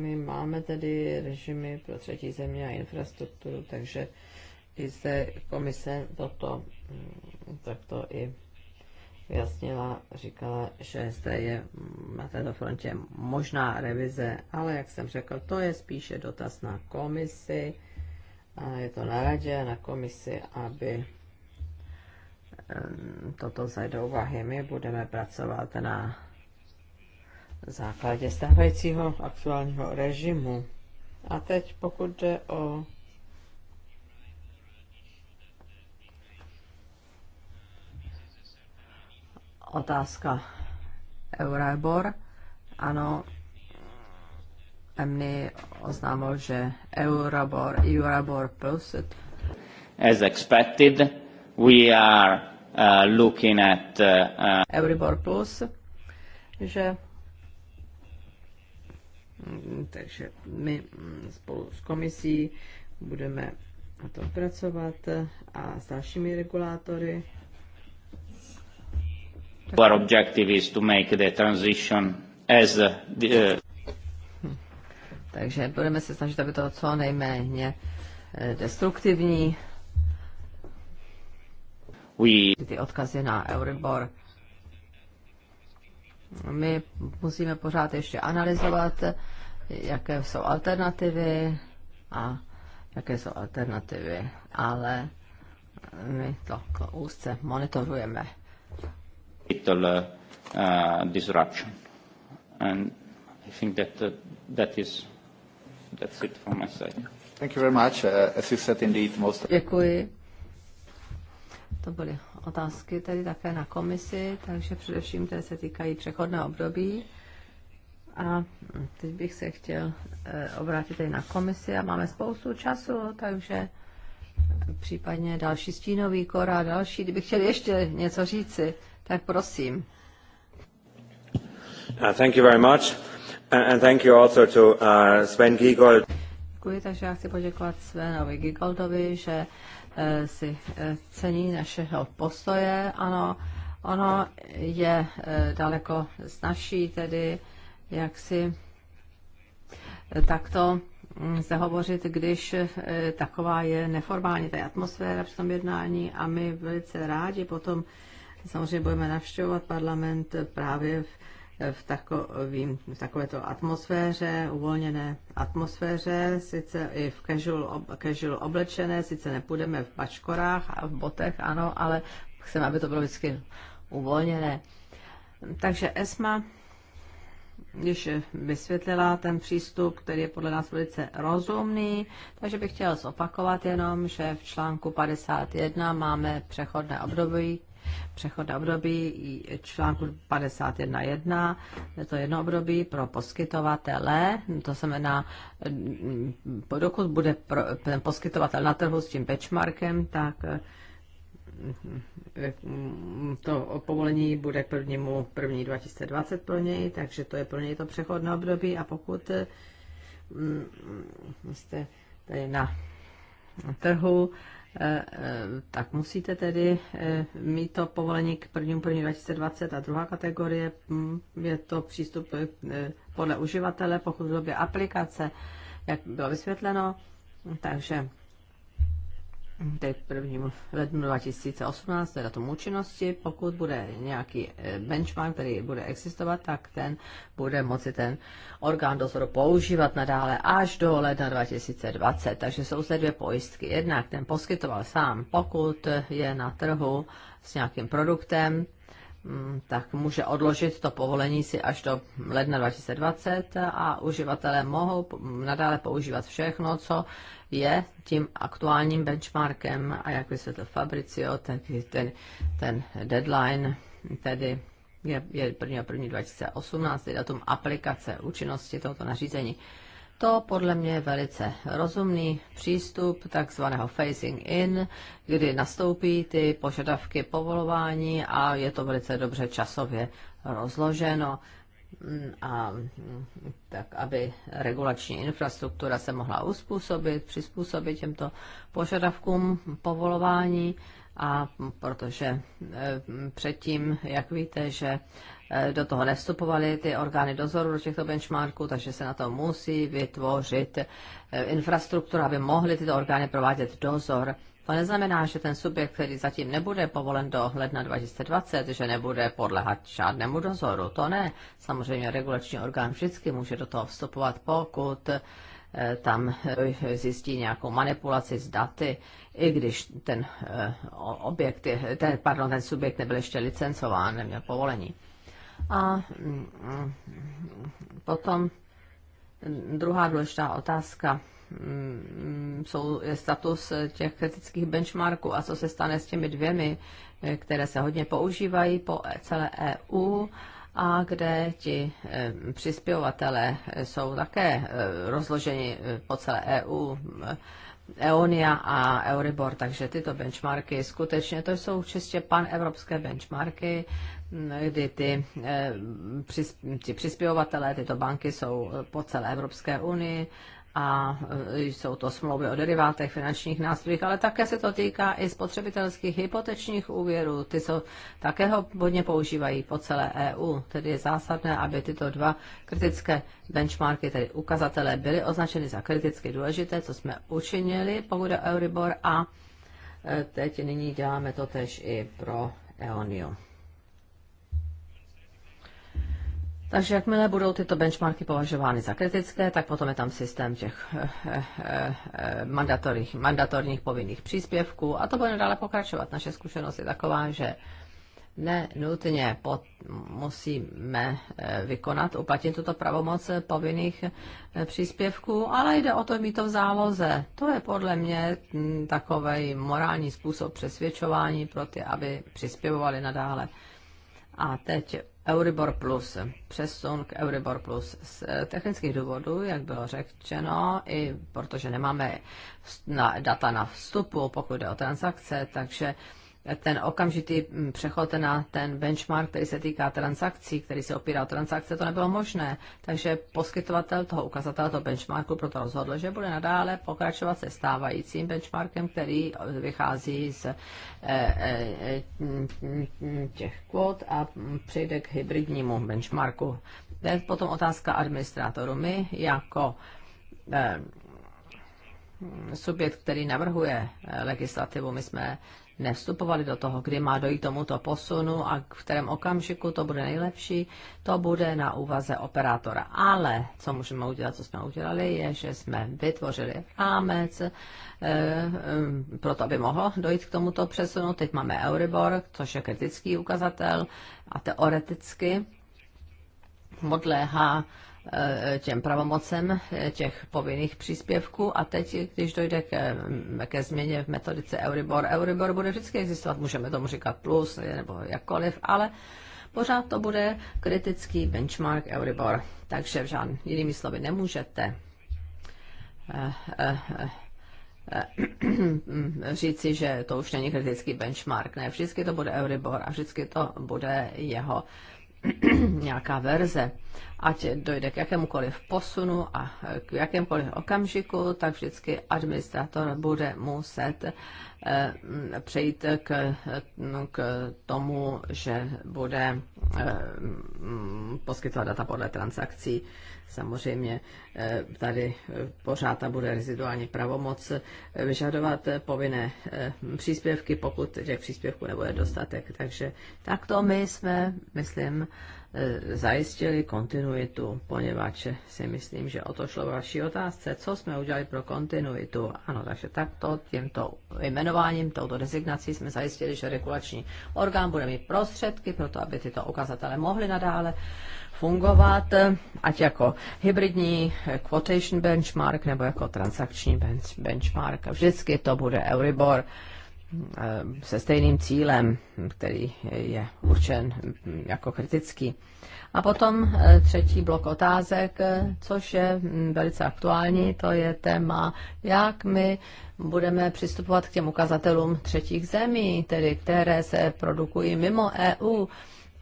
my máme tedy režimy pro třetí země a infrastrukturu, takže i se komise toto mm, takto i vyjasnila, říkala, že zde je na této frontě možná revize, ale jak jsem řekl, to je spíše dotaz na komisi, a je to na radě, na komisi, aby toto zajde do úvahy. My budeme pracovat na základě stávajícího aktuálního režimu. A teď pokud jde o otázka Euribor, ano, Emny oznámil, že eurobor, eurobor plus. As expected, we are uh, looking at uh, uh Euribor plus, že Mm, takže my mm, spolu s komisí budeme na to pracovat eh, a s dalšími regulátory. Our objective is to make the transition as the, eh, takže budeme se snažit, aby to co nejméně eh, destruktivní. We... Ty odkazy na Euribor. My musíme pořád ještě analyzovat jaké jsou alternativy a jaké jsou alternativy, ale my to úzce monitorujeme. Little uh, disruption. And I think that uh, that is that's it from my side. Thank you very much. Uh, as you said, indeed, most. Děkuji. To byly otázky tedy také na komisi, takže především které se týkají přechodné období. A teď bych se chtěl eh, obrátit i na komisi a máme spoustu času, takže případně další stínový a další, kdybych chtěl ještě něco říci, tak prosím. Uh, thank you very much. Uh, and thank you also to uh, Sven Giegold. Děkuji, takže já chci poděkovat Svenovi Gigoldovi, že uh, si uh, cení našeho postoje. Ano, ono je uh, daleko snažší tedy uh, jak si eh, takto hm, zde hovořit, když eh, taková je neformální ta atmosféra v tom jednání a my velice rádi potom samozřejmě budeme navštěvovat parlament právě v, eh, v, takovým, v takovéto atmosféře, uvolněné atmosféře, sice i v casual, casual oblečené, sice nepůjdeme v bačkorách a v botech, ano, ale chceme, aby to bylo vždycky uvolněné. Takže ESMA když vysvětlila ten přístup, který je podle nás velice rozumný, takže bych chtěla zopakovat jenom, že v článku 51 máme přechodné období, přechodné období článku 51.1, je to jedno období pro poskytovatele, to znamená, mm, dokud bude ten poskytovatel na trhu s tím benchmarkem, tak to povolení bude k prvnímu první 2020 pro něj, takže to je pro něj to přechodné období a pokud mm, jste tady na trhu, eh, tak musíte tedy eh, mít to povolení k prvnímu první 2020 a druhá kategorie mm, je to přístup eh, podle uživatele, pokud v době aplikace, jak bylo vysvětleno, takže tedy prvním lednu 2018, teda tomu účinnosti, pokud bude nějaký eh, benchmark, který bude existovat, tak ten bude moci ten orgán dozoru používat nadále až do ledna 2020. Takže jsou zde dvě pojistky. Jednak ten poskytoval sám, pokud je na trhu s nějakým produktem, mm, tak může odložit to povolení si až do ledna 2020 a uživatelé mohou nadále používat všechno, co je tím aktuálním benchmarkem a jak vysvětlil Fabricio, tak ten, ten deadline tedy je, je 1. 1. 2018, je datum aplikace účinnosti tohoto nařízení. To podle mě je velice rozumný přístup takzvaného phasing in, kdy nastoupí ty požadavky povolování a je to velice dobře časově rozloženo a tak, aby regulační infrastruktura se mohla uspůsobit, přizpůsobit těmto požadavkům povolování a protože e, předtím, jak víte, že e, do toho nestupovaly ty orgány dozoru do těchto benchmarků, takže se na to musí vytvořit e, infrastruktura, aby mohly tyto orgány provádět dozor to neznamená, že ten subjekt, který zatím nebude povolen do ledna 2020, že nebude podlehat žádnému dozoru. To ne. Samozřejmě regulační orgán vždycky může do toho vstupovat, pokud eh, tam eh, zjistí nějakou manipulaci s daty, i když ten eh, objekt, je, ten, pardon, ten subjekt nebyl ještě licencován, neměl povolení. A mm, mm, potom mm, druhá důležitá otázka Mm, jsou status těch kritických benchmarků a co se stane s těmi dvěmi, eh, které se hodně používají po celé EU a kde ti eh, přispěvatele jsou také eh, rozloženi po celé EU, Eonia a Euribor, takže tyto benchmarky skutečně to jsou čistě panevropské benchmarky, mm, kdy ty, ty přispěvatelé, tyto banky jsou po celé Evropské unii a e, jsou to smlouvy o derivátech, finančních nástrojích, ale také se to týká i spotřebitelských hypotečních úvěrů. Ty jsou také hodně používají po celé EU, tedy je zásadné, aby tyto dva kritické benchmarky, tedy ukazatele, byly označeny za kriticky důležité, co jsme učinili, pokud je Euribor a e, teď nyní děláme to tež i pro EONIU. Takže jakmile budou tyto benchmarky považovány za kritické, tak potom je tam systém těch eh, eh, eh, mandatorních, mandatorních povinných příspěvků a to bude dále pokračovat. Naše zkušenost je taková, že ne nutně pot, musíme vykonat, uplatit tuto pravomoc povinných příspěvků, ale jde o to mít to v závoze. To je podle mě hm, takový morální způsob přesvědčování pro ty, aby přispěvovali nadále. A teď Euribor Plus, přesun k Euribor Plus. Z technických důvodů, jak bylo řečeno, i protože nemáme data na vstupu, pokud jde o transakce, takže ten okamžitý mm, přechod na ten benchmark, který se týká transakcí, který se opírá o transakce, to nebylo možné. Takže poskytovatel toho ukazatele, toho benchmarku proto rozhodl, že bude nadále pokračovat se stávajícím benchmarkem, který vychází z eh, eh, eh, těch kvot a přejde k hybridnímu benchmarku. To je potom otázka administrátoru. My jako subjekt, který navrhuje eh, legislativu. My jsme nevstupovali do toho, kdy má dojít tomuto posunu a v kterém okamžiku to bude nejlepší, to bude na úvaze operátora. Ale co můžeme udělat, co jsme udělali, je, že jsme vytvořili rámec e, e, aby mohlo dojít k tomuto přesunu. Teď máme Euribor, což je kritický ukazatel a teoreticky podléhá Eh, těm pravomocem eh, těch povinných příspěvků a teď, když dojde ke, ke změně v metodice Euribor, Euribor bude vždycky existovat, můžeme tomu říkat plus nebo jakkoliv, ale pořád to bude kritický benchmark Euribor, takže v žádný jinými slovy nemůžete eh, [clears throat] říci, že to už není kritický benchmark. Ne, vždycky to bude Euribor a vždycky to bude jeho [clears throat] nějaká verze, ať dojde k jakémukoliv posunu a k jakémukoliv okamžiku, tak vždycky administrator bude muset Eh, přejít k, no, k tomu, že bude eh, poskytovat data podle transakcí. Samozřejmě eh, tady pořád ta bude reziduální pravomoc vyžadovat povinné příspěvky, pokud těch příspěvků nebude dostatek. Takže takto my jsme, myslím, E, zajistili kontinuitu, poněvadž si myslím, že o to šlo v vaší otázce, co jsme udělali pro kontinuitu. Ano, takže takto tímto jmenováním, touto rezignací jsme zajistili, že regulační orgán bude mít prostředky pro to, aby tyto ukazatele mohly nadále fungovat, ať jako hybridní quotation benchmark nebo jako transakční benchmark. Vždycky to bude Euribor. Eh, se stejným cílem, který je určen jako kritický. A potom eh, třetí blok otázek, eh, což je mm, velice aktuální, to je téma, jak my budeme přistupovat k těm ukazatelům třetích zemí, tedy které se produkují mimo EU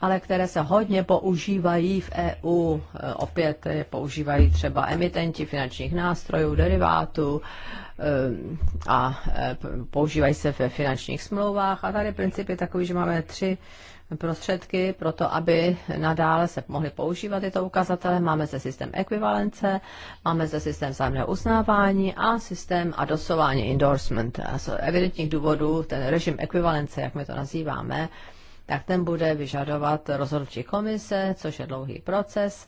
ale které se hodně používají v EU. Opět je používají třeba emitenti finančních nástrojů, derivátů eh, a eh, používají se ve finančních smlouvách. A tady princip je takový, že máme tři prostředky pro to, aby nadále se mohly používat tyto ukazatele. Máme zde systém ekvivalence, máme zde systém zájemného uznávání a systém adosování endorsement. A z evidentních důvodů ten režim ekvivalence, jak my to nazýváme, tak ten bude vyžadovat rozhodčí komise, což je dlouhý proces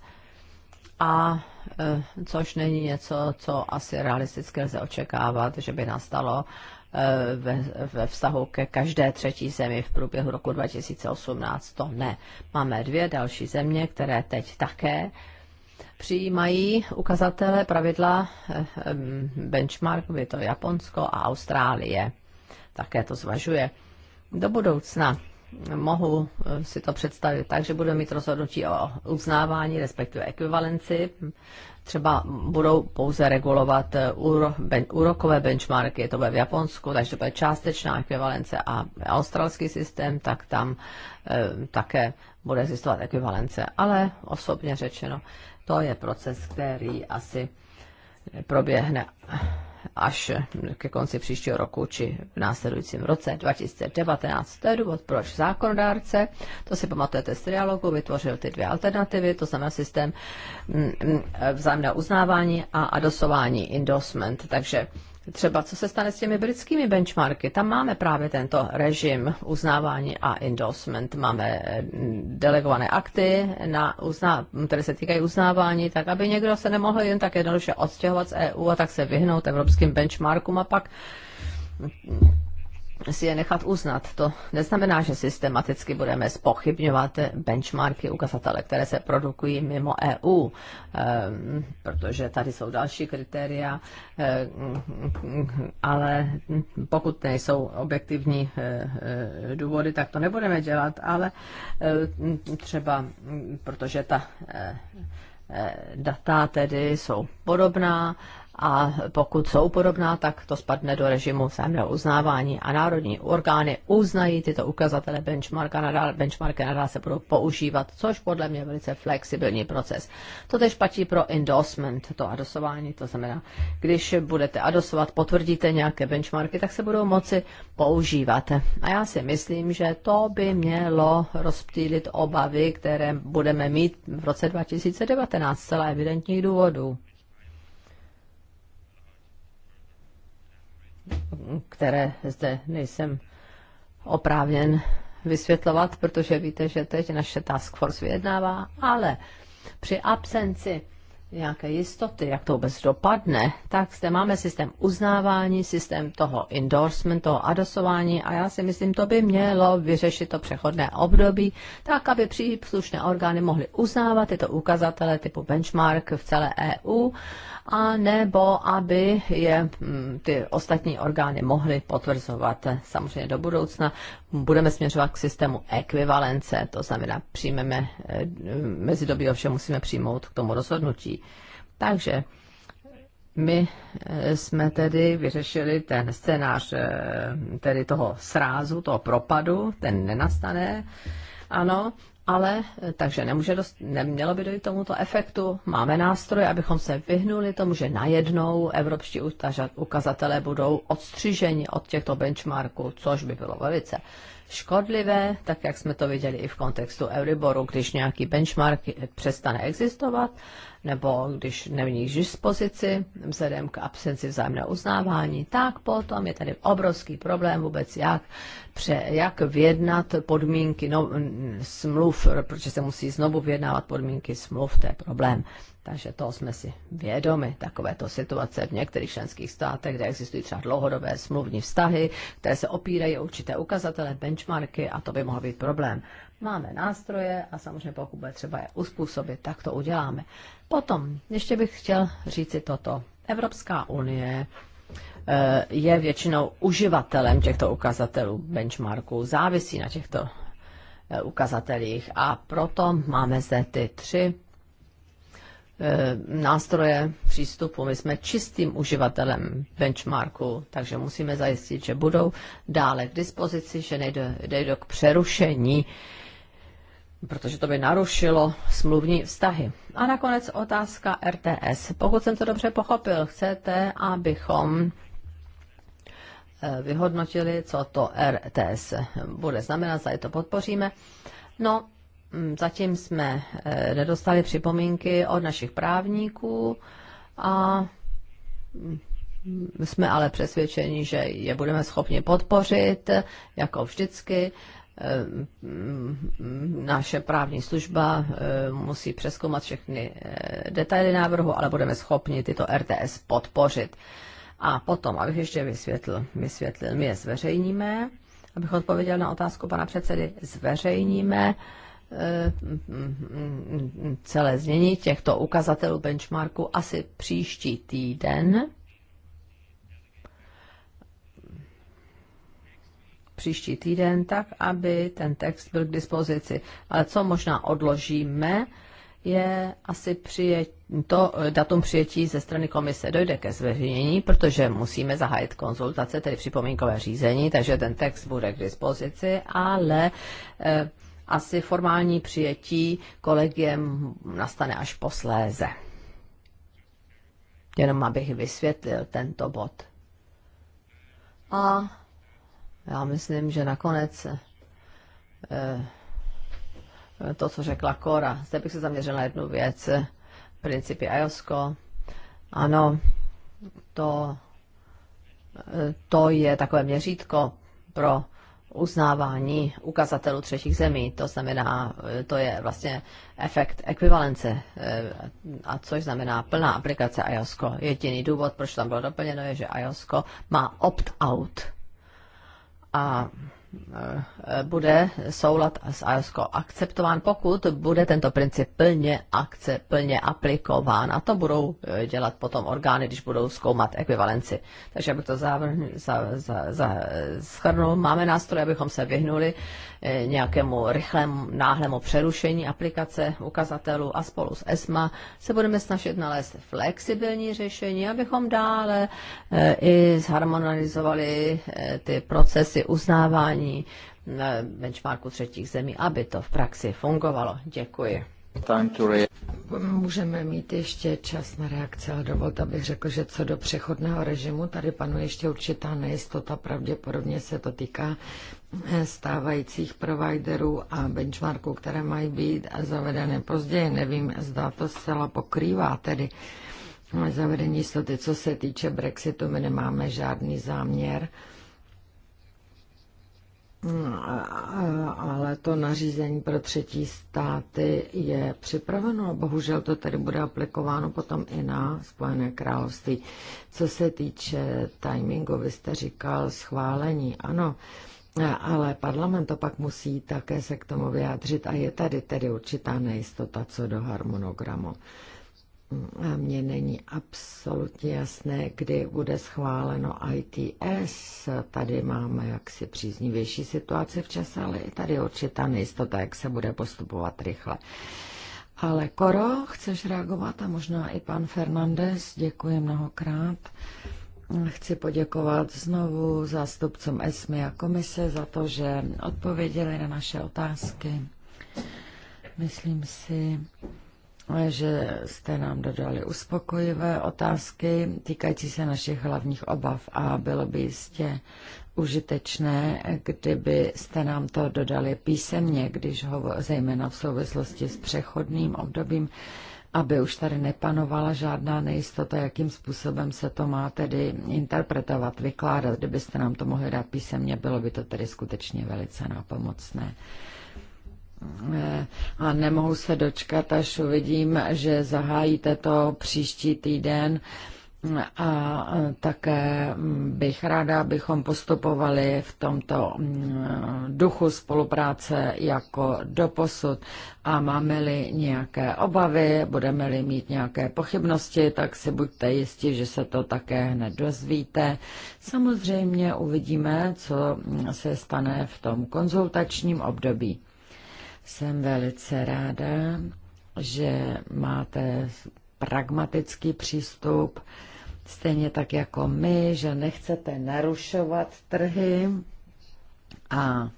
a e, což není něco, co asi realisticky lze očekávat, že by nastalo e, ve, ve vztahu ke každé třetí zemi v průběhu roku 2018. To ne. Máme dvě další země, které teď také přijímají ukazatele, pravidla, e, benchmark, je to Japonsko a Austrálie. Také to zvažuje. Do budoucna mohu eh, si to představit tak, že budeme mít rozhodnutí o uznávání, respektive ekvivalenci. Třeba budou pouze regulovat eh, úro, ben, úrokové benchmarky, je to bude v Japonsku, takže to bude částečná ekvivalence a australský systém, tak tam e, také bude existovat ekvivalence. Ale osobně řečeno, to je proces, který asi proběhne až ke konci příštího roku či v následujícím roce 2019. To je důvod, proč zákonodárce, to si pamatujete z trialogu, vytvořil ty dvě alternativy, to znamená systém mm, mm, vzájemného uznávání a adosování, endorsement. Takže Třeba co se stane s těmi britskými benchmarky? Tam máme právě tento režim uznávání a endorsement. Máme mm, delegované akty, na uzná, které se týkají uznávání, tak aby někdo se nemohl jen tak jednoduše odstěhovat z EU a tak se vyhnout evropským benchmarkům a pak si je nechat uznat. To neznamená, že systematicky budeme spochybňovat benchmarky, ukazatele, které se produkují mimo EU, ehm, protože tady jsou další kritéria, ehm, ale pokud nejsou objektivní eh, eh, důvody, tak to nebudeme dělat, ale ehm, třeba, protože ta eh, data tedy jsou podobná, a pokud jsou podobná, tak to spadne do režimu vzájemného uznávání a národní orgány uznají tyto ukazatele benchmarka, nadál, benchmarky nadále se budou používat, což podle mě je velice flexibilní proces. To tež platí pro endorsement, to adosování, to znamená, když budete adosovat, potvrdíte nějaké benchmarky, tak se budou moci používat. A já si myslím, že to by mělo rozptýlit obavy, které budeme mít v roce 2019 celé evidentních důvodů. které zde nejsem oprávněn vysvětlovat, protože víte, že teď naše task force vyjednává, ale při absenci nějaké jistoty, jak to vůbec dopadne, tak zde máme systém uznávání, systém toho endorsement, toho adosování a já si myslím, to by mělo vyřešit to přechodné období, tak aby příslušné orgány mohly uznávat tyto ukazatele typu benchmark v celé EU a nebo aby je mm, ty ostatní orgány mohly potvrzovat. Samozřejmě do budoucna budeme směřovat k systému ekvivalence, to znamená přijmeme, eh, mezi dobí ovšem musíme přijmout k tomu rozhodnutí. Takže my eh, jsme tedy vyřešili ten scénář eh, tedy toho srázu, toho propadu, ten nenastane, ano, ale eh, takže nemůže dost, nemělo by dojít tomuto efektu. Máme nástroje, abychom se vyhnuli tomu, že najednou evropští ukazatelé budou odstřiženi od těchto benchmarků, což by bylo velice škodlivé, tak jak jsme to viděli i v kontextu Euriboru, když nějaký benchmark přestane existovat, nebo když není k dispozici vzhledem k absenci vzájemného uznávání, tak potom je tady obrovský problém vůbec, jak, pře, jak vyjednat podmínky no, smluv, protože se musí znovu vyjednávat podmínky smluv, to je problém. Takže toho jsme si vědomi, takovéto situace v některých členských státech, kde existují třeba dlouhodobé smluvní vztahy, které se opírají o určité ukazatele, benchmarky a to by mohl být problém. Máme nástroje a samozřejmě pokud bude třeba je uspůsobit, tak to uděláme. Potom ještě bych chtěl říci toto. Evropská unie eh, je většinou uživatelem těchto ukazatelů benchmarků, závisí na těchto eh, ukazatelích a proto máme zde ty tři Eh, nástroje přístupu. My jsme čistým uživatelem benchmarku, takže musíme zajistit, že budou dále k dispozici, že nejde, nejde k přerušení, protože to by narušilo smluvní vztahy. A nakonec otázka RTS. Pokud jsem to dobře pochopil, chcete, abychom eh, vyhodnotili, co to RTS bude znamenat, zda je to podpoříme. No, Mm, zatím jsme eh, nedostali připomínky od našich právníků a mm, jsme ale přesvědčeni, že je budeme schopni podpořit, jako vždycky. Eh, mm, naše právní služba eh, musí přeskoumat všechny detaily návrhu, ale budeme schopni tyto RTS podpořit. A potom, abych ještě vysvětlil, vysvětlil my je zveřejníme, abych odpověděl na otázku pana předsedy, zveřejníme celé změní těchto ukazatelů benchmarku asi příští týden. příští týden, tak aby ten text byl k dispozici. Ale co možná odložíme, je asi přijet, to datum přijetí ze strany komise. Dojde ke zveřejnění, protože musíme zahájit konzultace, tedy připomínkové řízení, takže ten text bude k dispozici, ale eh, asi formální přijetí kolegiem nastane až posléze. Jenom abych vysvětlil tento bod. A já myslím, že nakonec eh, to, co řekla Kora, zde bych se zaměřil na jednu věc, principy IOSCO. Ano, to, eh, to je takové měřítko pro uznávání ukazatelů třetích zemí. To znamená, eh, to je vlastně efekt ekvivalence, eh, a což znamená plná aplikace IOSCO. Jediný důvod, proč tam bylo doplněno, je, že IOSCO má opt-out. A bude soulad s ASCO akceptován, pokud bude tento princip plně, akce, plně aplikován. A to budou eh, dělat potom orgány, když budou zkoumat ekvivalenci. Takže abych to závrh, za, za, za, schrnul, máme nástroj, abychom se vyhnuli eh, nějakému rychlému, náhlému přerušení aplikace ukazatelů a spolu s ESMA se budeme snažit nalézt flexibilní řešení, abychom dále eh, i zharmonizovali ty procesy uznávání srovnání eh, benchmarku třetích zemí, aby to v praxi fungovalo. Děkuji. Můžeme mít ještě čas na reakce, ale dovolte, abych řekl, že co do přechodného režimu, tady panuje ještě určitá nejistota, pravděpodobně se to týká eh, stávajících providerů a benchmarků, které mají být zavedené později. Nevím, zda to zcela pokrývá tedy zavedení jistoty. Co se týče Brexitu, my nemáme žádný záměr ale to nařízení pro třetí státy je připraveno. Bohužel to tedy bude aplikováno potom i na Spojené království. Co se týče timingu, vy jste říkal schválení, ano, ale parlament to pak musí také se k tomu vyjádřit a je tady tedy určitá nejistota co do harmonogramu mně není absolutně jasné, kdy bude schváleno ITS. Tady máme jaksi příznivější situaci v čase, ale i tady určitá nejistota, jak se bude postupovat rychle. Ale Koro, chceš reagovat a možná i pan Fernandez, děkuji mnohokrát. Chci poděkovat znovu zástupcům ESMI a komise za to, že odpověděli na naše otázky. Myslím si, že jste nám dodali uspokojivé otázky týkající se našich hlavních obav a bylo by jistě užitečné, kdybyste nám to dodali písemně, když ho, zejména v souvislosti s přechodným obdobím, aby už tady nepanovala žádná nejistota, jakým způsobem se to má tedy interpretovat, vykládat. Kdybyste nám to mohli dát písemně, bylo by to tedy skutečně velice nápomocné. No, a nemohu se dočkat, až uvidím, že zahájíte to příští týden. A také bych ráda, abychom postupovali v tomto mm, duchu spolupráce jako doposud. A máme-li nějaké obavy, budeme-li mít nějaké pochybnosti, tak si buďte jistí, že se to také hned dozvíte. Samozřejmě uvidíme, co se stane v tom konzultačním období. Jsem velice ráda, že máte pragmatický přístup, stejně tak jako my, že nechcete narušovat trhy a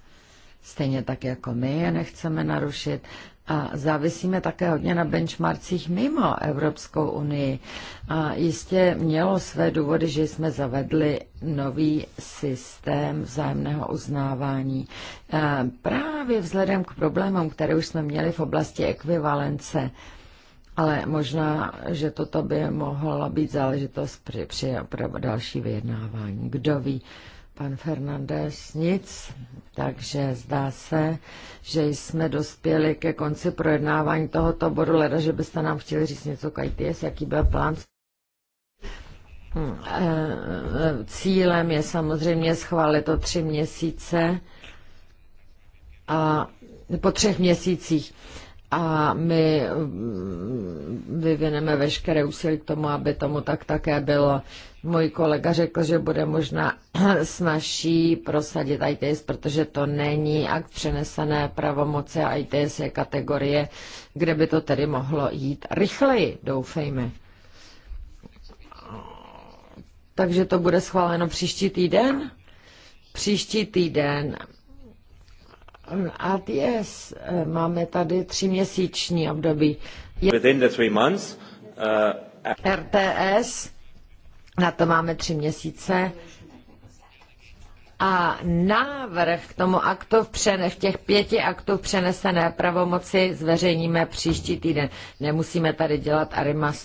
stejně tak jako my je nechceme narušit. A závisíme také hodně na benchmarkcích mimo Evropskou unii. A jistě mělo své důvody, že jsme zavedli nový systém vzájemného uznávání. A e, právě vzhledem k problémům, které už jsme měli v oblasti ekvivalence, ale možná, že toto by mohla být záležitost při, při další vyjednávání. Kdo ví? Pan Fernandez nic, takže zdá se, že jsme dospěli ke konci projednávání tohoto bodu, leda, že byste nám chtěli říct něco k ITS, jaký byl plán. Hmm, eh, eh, cílem je samozřejmě schválit to tři měsíce a po třech měsících a my mm, vyvineme veškeré úsilí k tomu, aby tomu tak také bylo. Můj kolega řekl, že bude možná [clears throat] snažší prosadit ITS, protože to není akt přenesené pravomoce a ITS je kategorie, kde by to tedy mohlo jít rychleji, doufejme. Takže to bude schváleno příští týden? Příští týden. ATS eh, máme tady tříměsíční období. Je... RTS na to máme tři měsíce. A návrh k tomu aktu v, přene, v těch pěti aktů přenesené pravomoci zveřejníme příští týden. Nemusíme tady dělat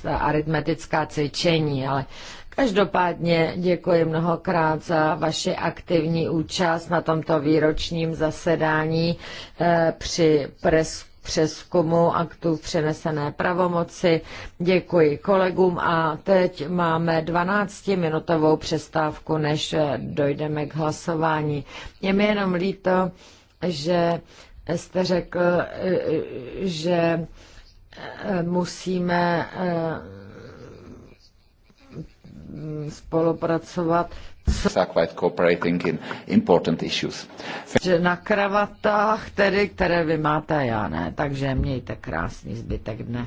aritmetická cvičení, ale každopádně děkuji mnohokrát za vaši aktivní účast na tomto výročním zasedání eh, při presku přeskumu aktu v přenesené pravomoci. Děkuji kolegům a teď máme 12-minutovou přestávku, než dojdeme k hlasování. Je mi jenom líto, že jste řekl, že musíme spolupracovat. Co... Že na kravatách, tedy, které vy máte, já ne. Takže mějte krásný zbytek dne.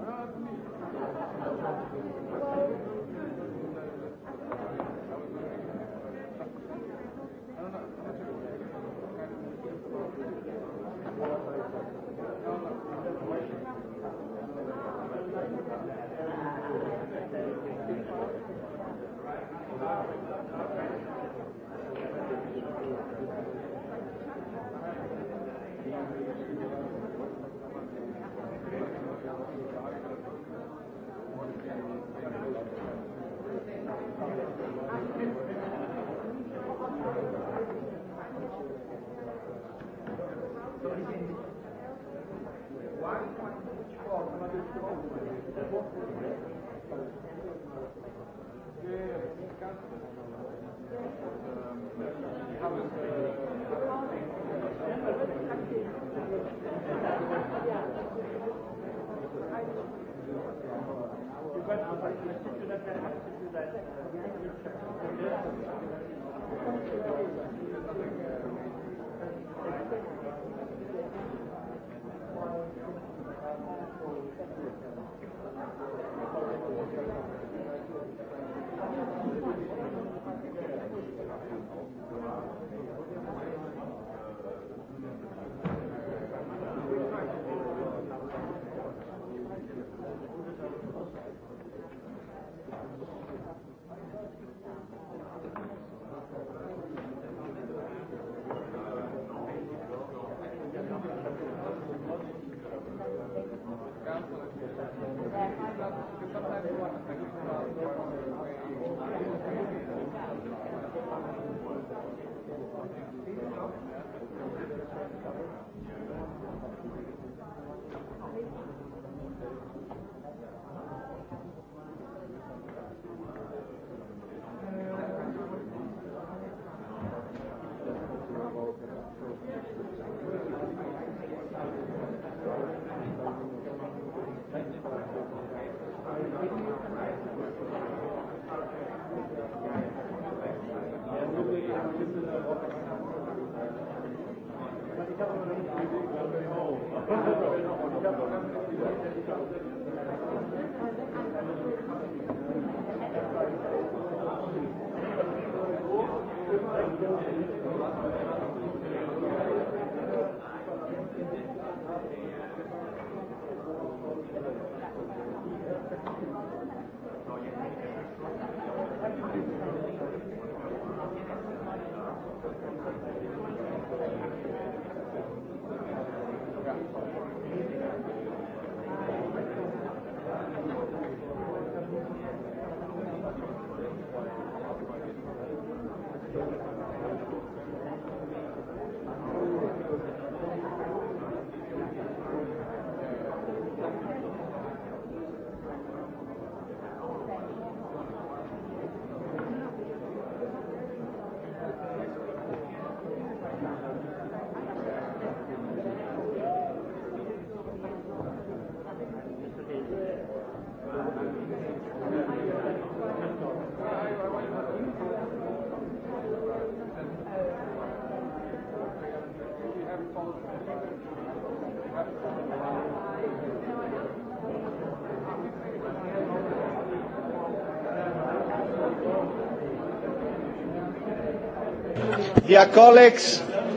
Um,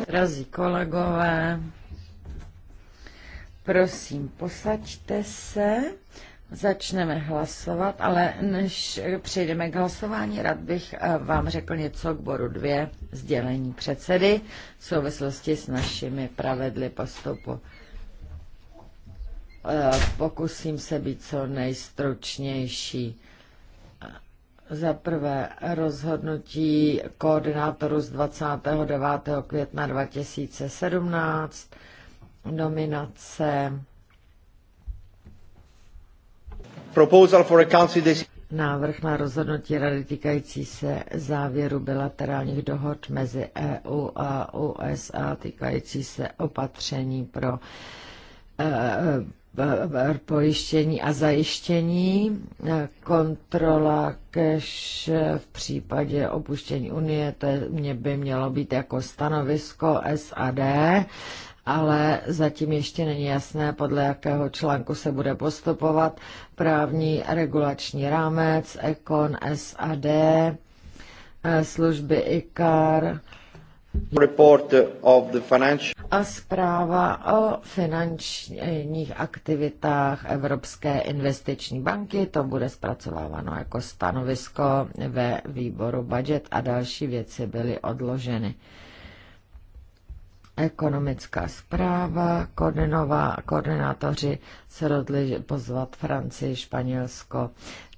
Drazí kolegové, prosím, posaďte se, začneme hlasovat, ale než přejdeme k hlasování, rád bych eh, vám řekl něco k bodu dvě sdělení předsedy v souvislosti s našimi pravidly postupu. Eh, pokusím se být co nejstručnější za prvé rozhodnutí koordinátoru z 29. května 2017, nominace Proposal for a council Návrh na rozhodnutí rady týkající se závěru bilaterálních dohod mezi EU a USA týkající se opatření pro eh, pojištění a zajištění, eh, kontrola cash v případě opuštění Unie, to je, mě by mělo být jako stanovisko SAD, ale zatím ještě není jasné, podle jakého článku se bude postupovat právní regulační rámec, Econ, SAD, eh, služby ICAR, a zpráva o finančních aktivitách Evropské investiční banky, to bude zpracováváno jako stanovisko ve výboru budget a další věci byly odloženy. Ekonomická zpráva, koordinová, koordinátoři se rozhodli pozvat Francii, Španělsko,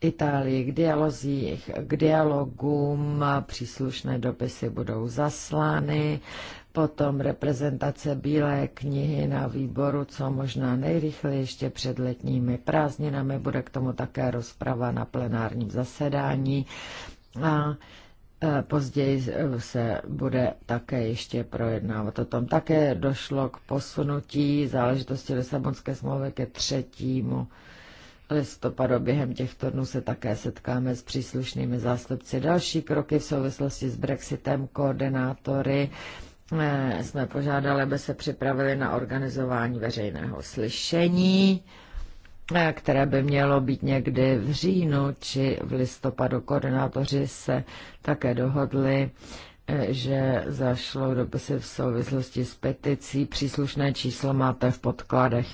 Itálii k, dialozích, k dialogům, příslušné dopisy budou zaslány, potom reprezentace Bílé knihy na výboru, co možná nejrychleji ještě před letními prázdninami, bude k tomu také rozprava na plenárním zasedání. A e, Později se bude také ještě projednávat o tom. Také došlo k posunutí záležitosti Lisabonské smlouvy ke třetímu listopadu. Během těchto dnů se také setkáme s příslušnými zástupci. Další kroky v souvislosti s Brexitem, koordinátory eh, jsme požádali, aby se připravili na organizování veřejného slyšení eh, které by mělo být někdy v říjnu či v listopadu. Koordinátoři se také dohodli, eh, že zašlo dopisy v souvislosti s peticí. Příslušné číslo máte v podkladech.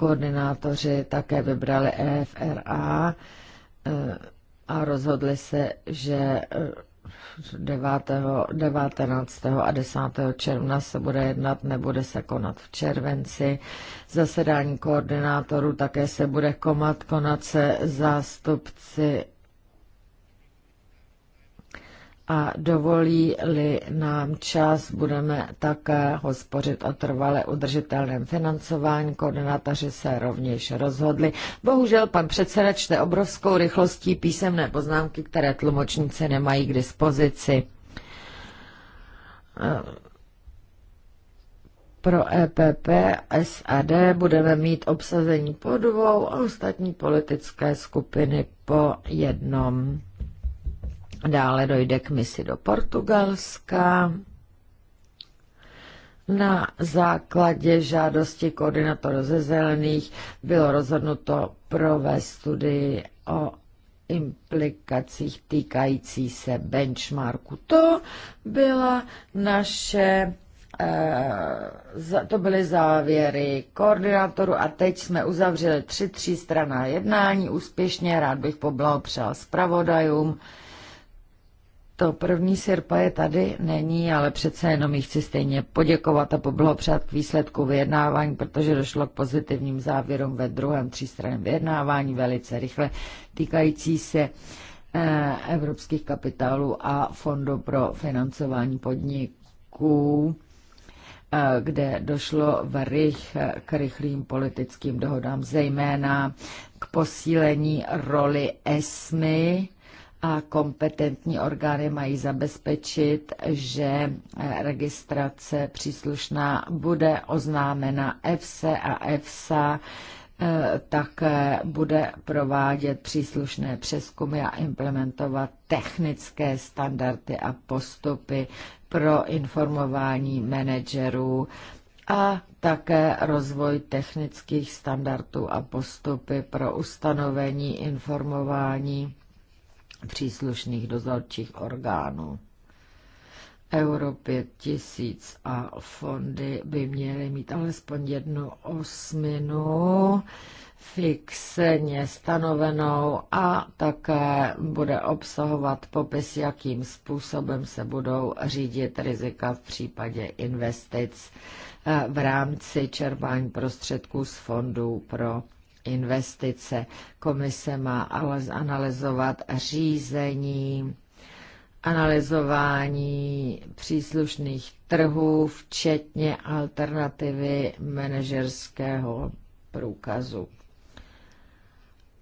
Koordinátoři také vybrali EFRA eh, a rozhodli se, že 9. Eh, 19. a 10. června se bude jednat, nebude se konat v červenci. Zasedání koordinátorů také se bude komat, konat se zástupci a dovolí-li nám čas, budeme také hospořit o trvale udržitelném financování. Koordinátaři se rovněž rozhodli. Bohužel pan předseda čte obrovskou rychlostí písemné poznámky, které tlumočníci nemají k dispozici. Pro EPP SAD budeme mít obsazení po dvou a ostatní politické skupiny po jednom Dále dojde k misi do Portugalska. Na základě žádosti koordinátora ze zelených bylo rozhodnuto provést studii o implikacích týkající se benchmarku. To byla naše eh, to byly závěry koordinátoru a teď jsme uzavřeli tři tři strana jednání úspěšně. Rád bych poblahopřál zpravodajům to první sirpa je tady, není, ale přece jenom jí chci stejně poděkovat a poblahopřát k výsledku vyjednávání, protože došlo k pozitivním závěrům ve druhém třístranném vyjednávání velice rychle týkající se eh, evropských kapitálů a fondu pro financování podniků eh, kde došlo v rych eh, k rychlým politickým dohodám, zejména k posílení roli ESMY a kompetentní orgány mají zabezpečit, že eh, registrace příslušná bude oznámena EFSE a EFSA eh, také bude provádět příslušné přeskumy a implementovat technické standardy a postupy pro informování manažerů a také rozvoj technických standardů a postupy pro ustanovení informování příslušných dozorčích orgánů. Euro 5000 a fondy by měly mít alespoň jednu osminu fixně stanovenou a také bude obsahovat popis, jakým způsobem se budou řídit rizika v případě investic eh, v rámci čerpání prostředků z fondů pro investice. Komise má ale zanalizovat řízení, analyzování příslušných trhů, včetně alternativy manažerského průkazu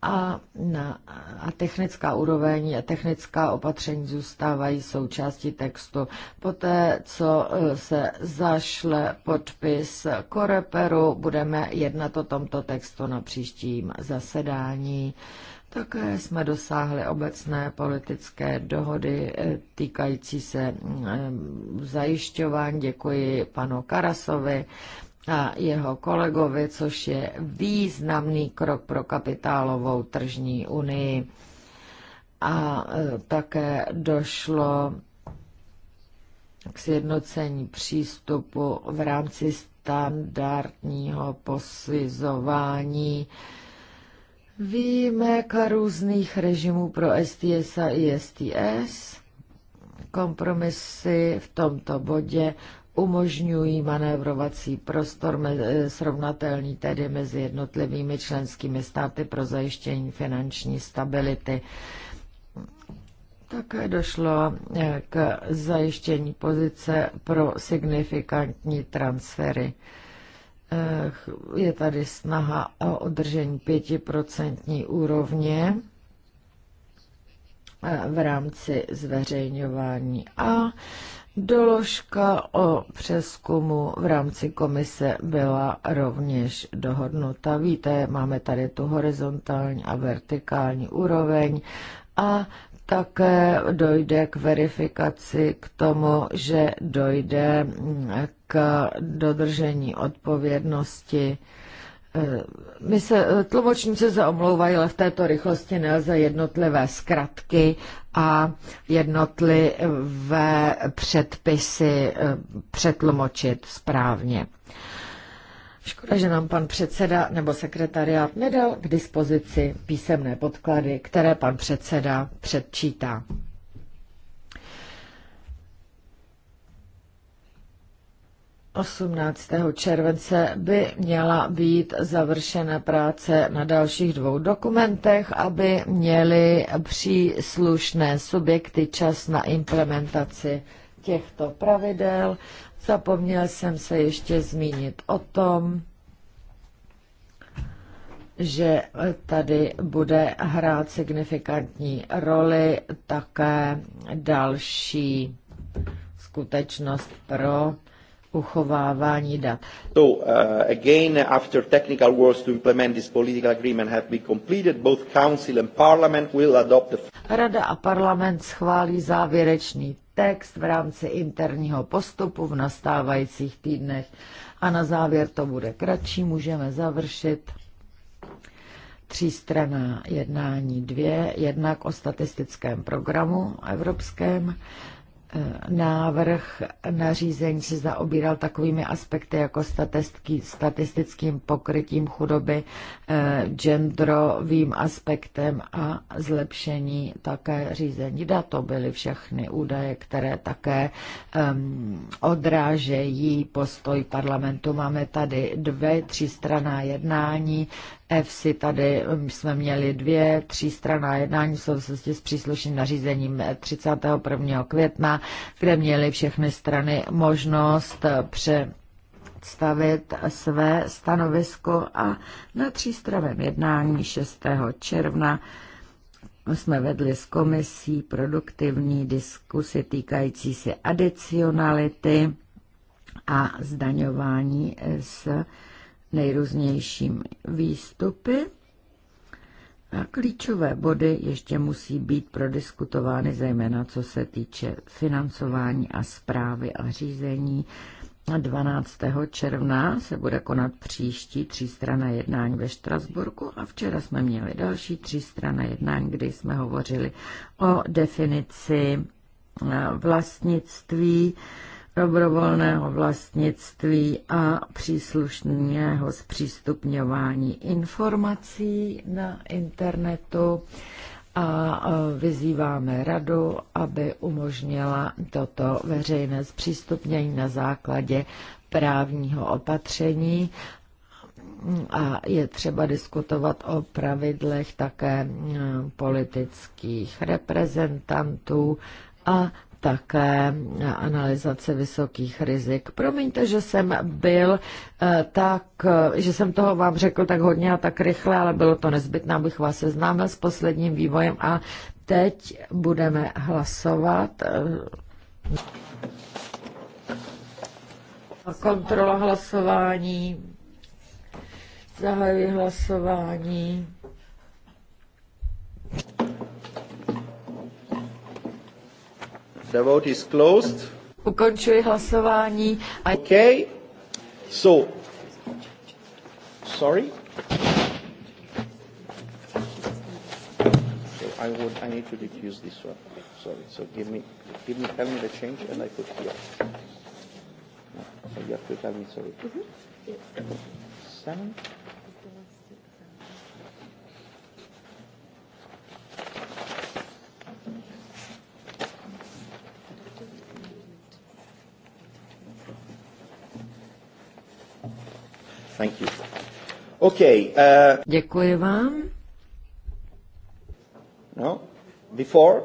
a, na, a technická úroveň a technická opatření zůstávají součástí textu. Poté, co e, se zašle podpis koreperu, budeme jednat o tomto textu na příštím zasedání. Také jsme dosáhli obecné politické dohody e, týkající se e, zajišťování. Děkuji panu Karasovi a jeho kolegovi, což je významný krok pro kapitálovou tržní unii. A e, také došlo k sjednocení přístupu v rámci standardního posvizování výjimek různých režimů pro STS a ISTS. Kompromisy v tomto bodě umožňují manévrovací prostor e, srovnatelný tedy mezi jednotlivými členskými státy pro zajištění finanční stability. Také došlo e, k zajištění pozice pro signifikantní transfery. E, je tady snaha o udržení 5% úrovně v rámci zveřejňování a Doložka o přeskumu v rámci komise byla rovněž dohodnuta. Víte, máme tady tu horizontální a vertikální úroveň a také dojde k verifikaci k tomu, že dojde k dodržení odpovědnosti Eh, my se, eh, tlumočníci se omlouvají, ale v této rychlosti nelze jednotlivé zkratky a jednotlivé předpisy eh, přetlumočit správně. Škoda, že nám pan předseda nebo sekretariát nedal k dispozici písemné podklady, které pan předseda předčítá. 18. července by měla být završena práce na dalších dvou dokumentech, aby měly příslušné subjekty čas na implementaci těchto pravidel. Zapomněl jsem se ještě zmínit o tom, že tady bude hrát signifikantní roli také další skutečnost pro uchovávání dat. So uh, again, after technical works to implement this political agreement have been completed, both Council and Parliament will adopt the... Rada a parlament schválí závěrečný text v rámci interního postupu v nastávajících týdnech a na závěr to bude kratší, můžeme završit třístrana jednání dvě, jednak o statistickém programu evropském, Eh, návrh nařízení se zaobíral takovými aspekty jako statistický, statistickým pokrytím chudoby, eh, genderovým aspektem a zlepšení také řízení dat. To byly všechny údaje, které také um, odrážejí postoj parlamentu. Máme tady dvě, tři strana jednání EFSI tady um, jsme měli dvě, tří strana jednání v souvislosti s příslušným nařízením 31. května, kde měly všechny strany možnost pře stavit své stanovisko a na třístravém jednání 6. června jsme vedli s komisí produktivní diskusy týkající se adicionality a zdaňování s nejrůznějšími výstupy. A klíčové body ještě musí být prodiskutovány, zejména co se týče financování a zprávy a řízení. 12. června se bude konat příští třístrané jednání ve Štrasburku a včera jsme měli další třístrané jednání, kdy jsme hovořili o definici eh, vlastnictví dobrovolného vlastnictví a příslušného zpřístupňování informací na internetu a vyzýváme radu, aby umožnila toto veřejné zpřístupnění na základě právního opatření a je třeba diskutovat o pravidlech také e, politických reprezentantů a také analyzace vysokých rizik. Promiňte, že jsem byl eh, tak, eh, že jsem toho vám řekl tak hodně a tak rychle, ale bylo to nezbytné, abych vás seznámil s posledním vývojem a teď budeme hlasovat. Eh, kontrola hlasování. Zahajuji hlasování. The vote is closed. Ukončuji hlasování. A... Okay. So, sorry. So I would, I need to diffuse this one. Sorry. So give me, give me, tell me the change, and I put here. So you have to tell me, sorry. Mm-hmm. Seven. Thank you. Okay, uh... Děkuji vám. No, before?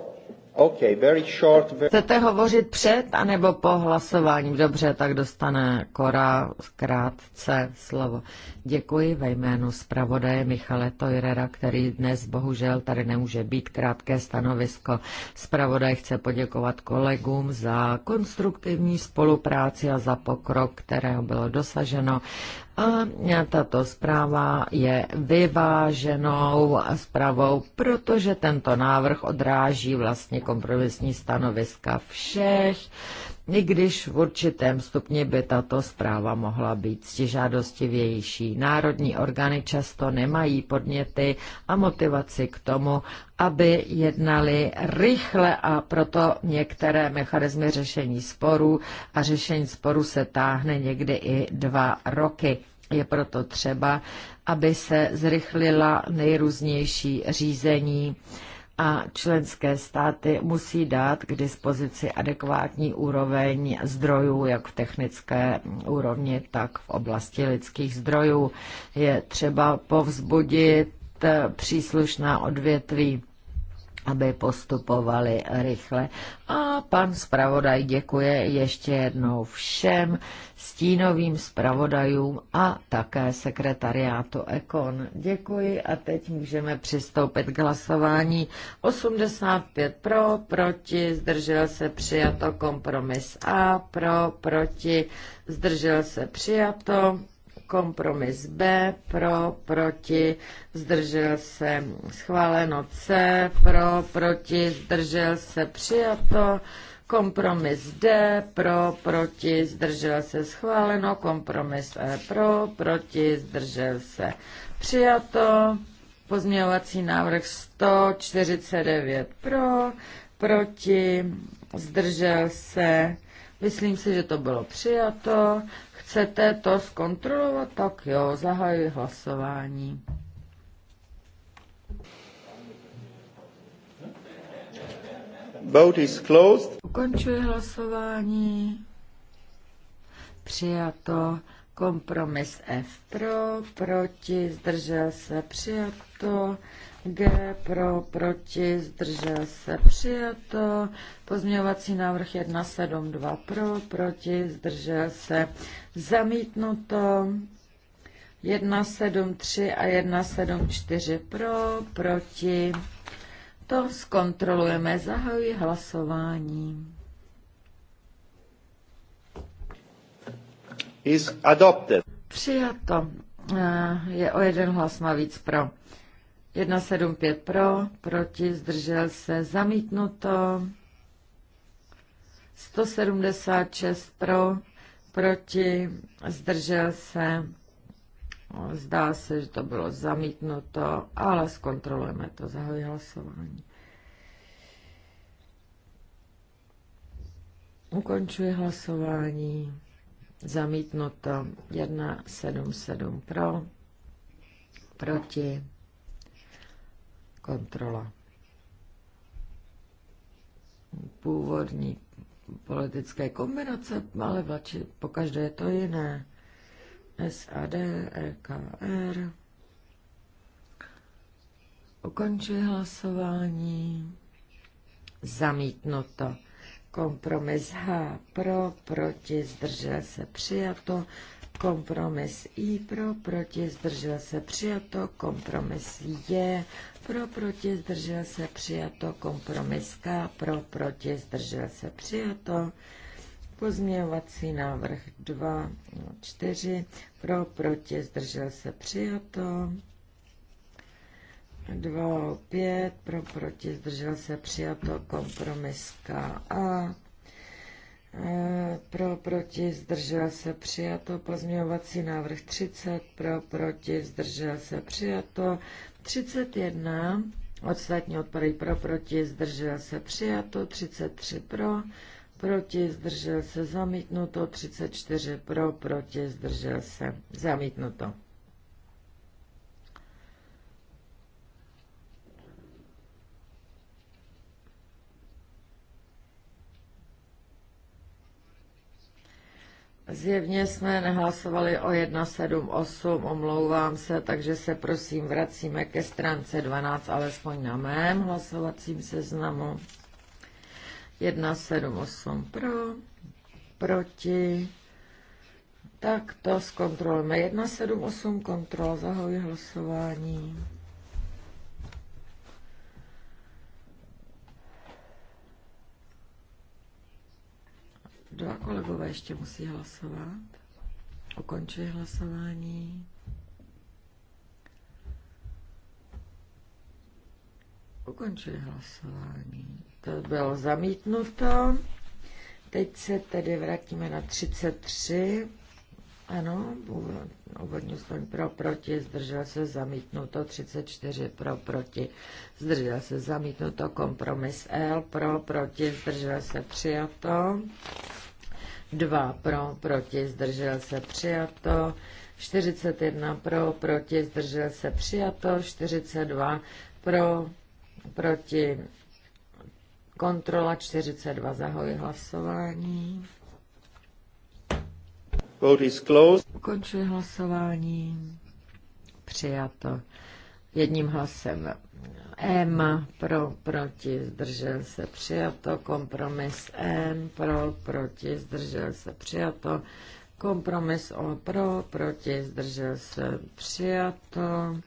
Okay, very short, very... Chcete hovořit před anebo po hlasování? Dobře, tak dostane Kora zkrátce slovo. Děkuji ve jménu zpravodaje Michale Tojrera, který dnes bohužel tady nemůže být. Krátké stanovisko. Zpravodaj chce poděkovat kolegům za konstruktivní spolupráci a za pokrok, kterého bylo dosaženo a tato zpráva je vyváženou zprávou, protože tento návrh odráží vlastně kompromisní stanoviska všech i když v určitém stupni by tato zpráva mohla být stěžádostivější. Národní orgány často nemají podněty a motivaci k tomu, aby jednali rychle a proto některé mechanizmy řešení sporů a řešení sporů se táhne někdy i dva roky. Je proto třeba, aby se zrychlila nejrůznější řízení a členské státy musí dát k dispozici adekvátní úroveň zdrojů, jak v technické úrovni, tak v oblasti lidských zdrojů. Je třeba povzbudit eh, příslušná odvětví aby postupovali rychle. A pan zpravodaj děkuje ještě jednou všem stínovým zpravodajům a také sekretariátu Ekon. Děkuji a teď můžeme přistoupit k hlasování. 85 pro, proti, zdržel se přijato kompromis A, pro, proti, zdržel se přijato. Kompromis B pro, proti, zdržel se schváleno C pro, proti, zdržel se přijato. Kompromis D pro, proti, zdržel se schváleno. Kompromis E pro, proti, zdržel se přijato. Pozměňovací návrh 149 pro, proti, zdržel se. Myslím si, že to bylo přijato. Chcete to zkontrolovat? Tak jo, zahajuji hlasování. Vote is closed. Ukončuji hlasování. Přijato. Kompromis F pro, proti, zdržel se, přijato. G pro, proti, zdržel se, přijato. Pozměňovací návrh 172 pro, proti, zdržel se, zamítnuto. 173 a 174 pro, proti. To zkontrolujeme. Zahajuji hlasování. Is adopted. Přijato. Eh, je o jeden hlas navíc pro. 175 pro, proti, zdržel se, zamítnuto. 176 pro, proti, zdržel se. Zdá se, že to bylo zamítnuto, ale zkontrolujeme to. Zahoji hlasování. Ukončuji hlasování. Zamítnuto 177 pro, proti kontrola. Původní politické kombinace, ale vlači, každé je to jiné. SAD, EKR. Ukončuje hlasování. Zamítnuto. Kompromis H pro, proti, zdržel se, přijato. Kompromis I pro, proti, zdržel se, přijato. Kompromis J pro, proti, zdržel se, přijato. Kompromis K pro, proti, zdržel se, přijato. Pozměňovací návrh 2, 4, pro, proti, zdržel se, přijato. 2, 5, pro, proti, zdržel se, přijato, kompromis K, A, Eh, pro, proti, zdržel se, přijato. Pozměňovací návrh 30, pro, proti, zdržel se, přijato. 31, ostatní odpady pro, proti, zdržel se, přijato. 33 pro, proti, zdržel se, zamítnuto. 34 pro, proti, zdržel se, zamítnuto. Zjevně jsme nehlasovali o 178, omlouvám se, takže se prosím vracíme ke stránce 12, alespoň na mém hlasovacím seznamu. 178 pro, proti. Tak to zkontrolujeme. 178 kontrol, zahojí hlasování. Dva kolegové ještě musí hlasovat. Ukončuji hlasování. Ukončuji hlasování. To bylo zamítnuto. Teď se tedy vrátíme na 33. Ano, úvodní ustanovení pro, proti, zdržel se zamítnuto, 34 pro, proti, zdržel se zamítnuto, kompromis L, pro, proti, zdržel se přijato, 2 pro, proti, zdržel se přijato, 41 pro, proti, zdržel se přijato, 42 pro, proti, kontrola 42, zahoji hlasování. Vote is closed. Ukončuji hlasování. Přijato. Jedním hlasem M pro, proti, zdržel se, přijato. Kompromis N pro, proti, zdržel se, přijato. Kompromis O pro, proti, zdržel se, přijato.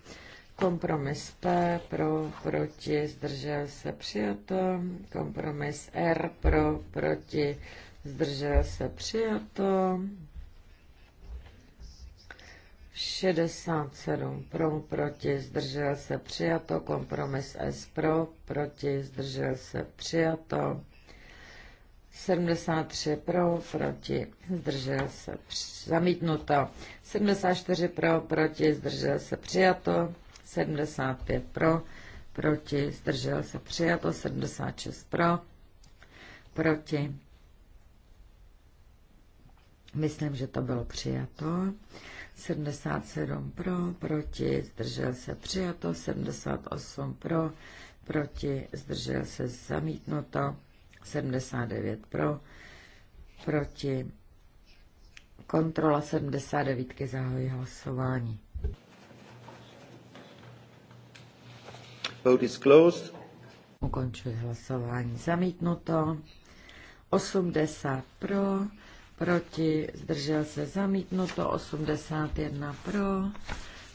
Kompromis P pro, proti, zdržel se, přijato. Kompromis R pro, proti, zdržel se, přijato. 67 pro, proti, zdržel se přijato, kompromis S pro, proti, zdržel se přijato, 73 pro, proti, zdržel se zamítnuto, 74 pro, proti, zdržel se přijato, 75 pro, proti, zdržel se přijato, 76 pro, proti, myslím, že to bylo přijato, 77 pro, proti, zdržel se přijato, 78 pro, proti, zdržel se zamítnuto, 79 pro, proti, kontrola 79 zahojí hlasování. Vote is closed. Ukončuji hlasování. Zamítnuto. 80 pro, proti, zdržel se zamítnuto, 81 pro,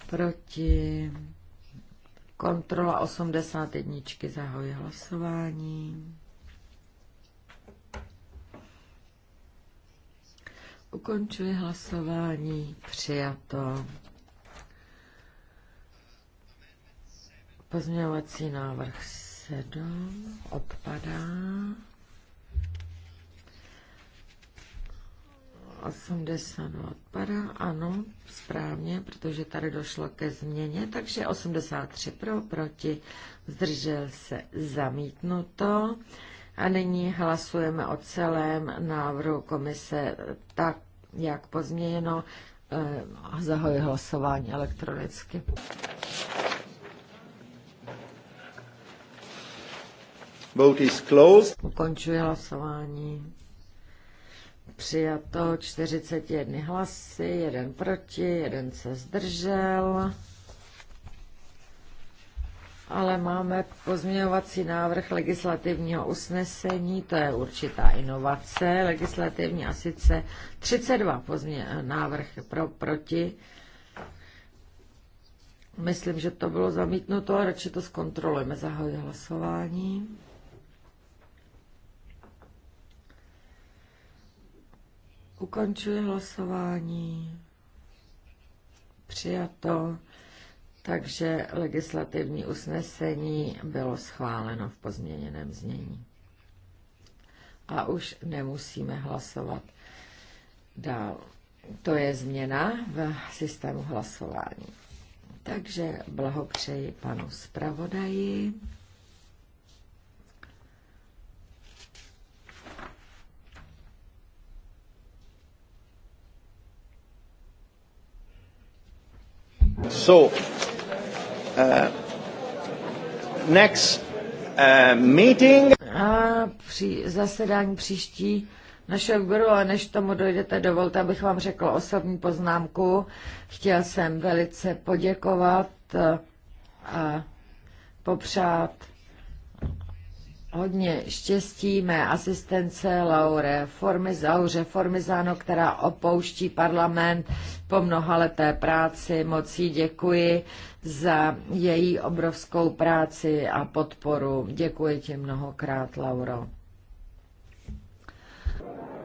proti, kontrola 81, zahoji hlasování. Ukončuji hlasování, přijato. Pozměňovací návrh 7 odpadá. 80 odpadá, ano, správně, protože tady došlo ke změně, takže 83 pro, proti, zdržel se zamítnuto. A nyní hlasujeme o celém návrhu komise tak, jak pozměněno. Eh, Zahoji hlasování elektronicky. Vote is closed. Ukončuje hlasování. Přijato 41 hlasy, jeden proti, jeden se zdržel. Ale máme pozměňovací návrh legislativního usnesení, to je určitá inovace legislativní a sice 32 pozmě, návrh pro proti. Myslím, že to bylo zamítnuto, radši to zkontrolujeme. Zahajuji hlasování. Ukončuji hlasování. Přijato. Takže legislativní usnesení bylo schváleno v pozměněném znění. A už nemusíme hlasovat dál. To je změna v systému hlasování. Takže blahopřeji panu zpravodaji. So, uh, next uh, meeting. A při zasedání příští našeho výboru, ale než tomu dojdete, dovolte, abych vám řekl osobní poznámku. Chtěl jsem velice poděkovat uh, a popřát hodně štěstí mé asistence Laure Formizauře Formizano, která opouští parlament po mnohaleté práci. Moc jí děkuji za její obrovskou práci a podporu. Děkuji ti mnohokrát, Lauro.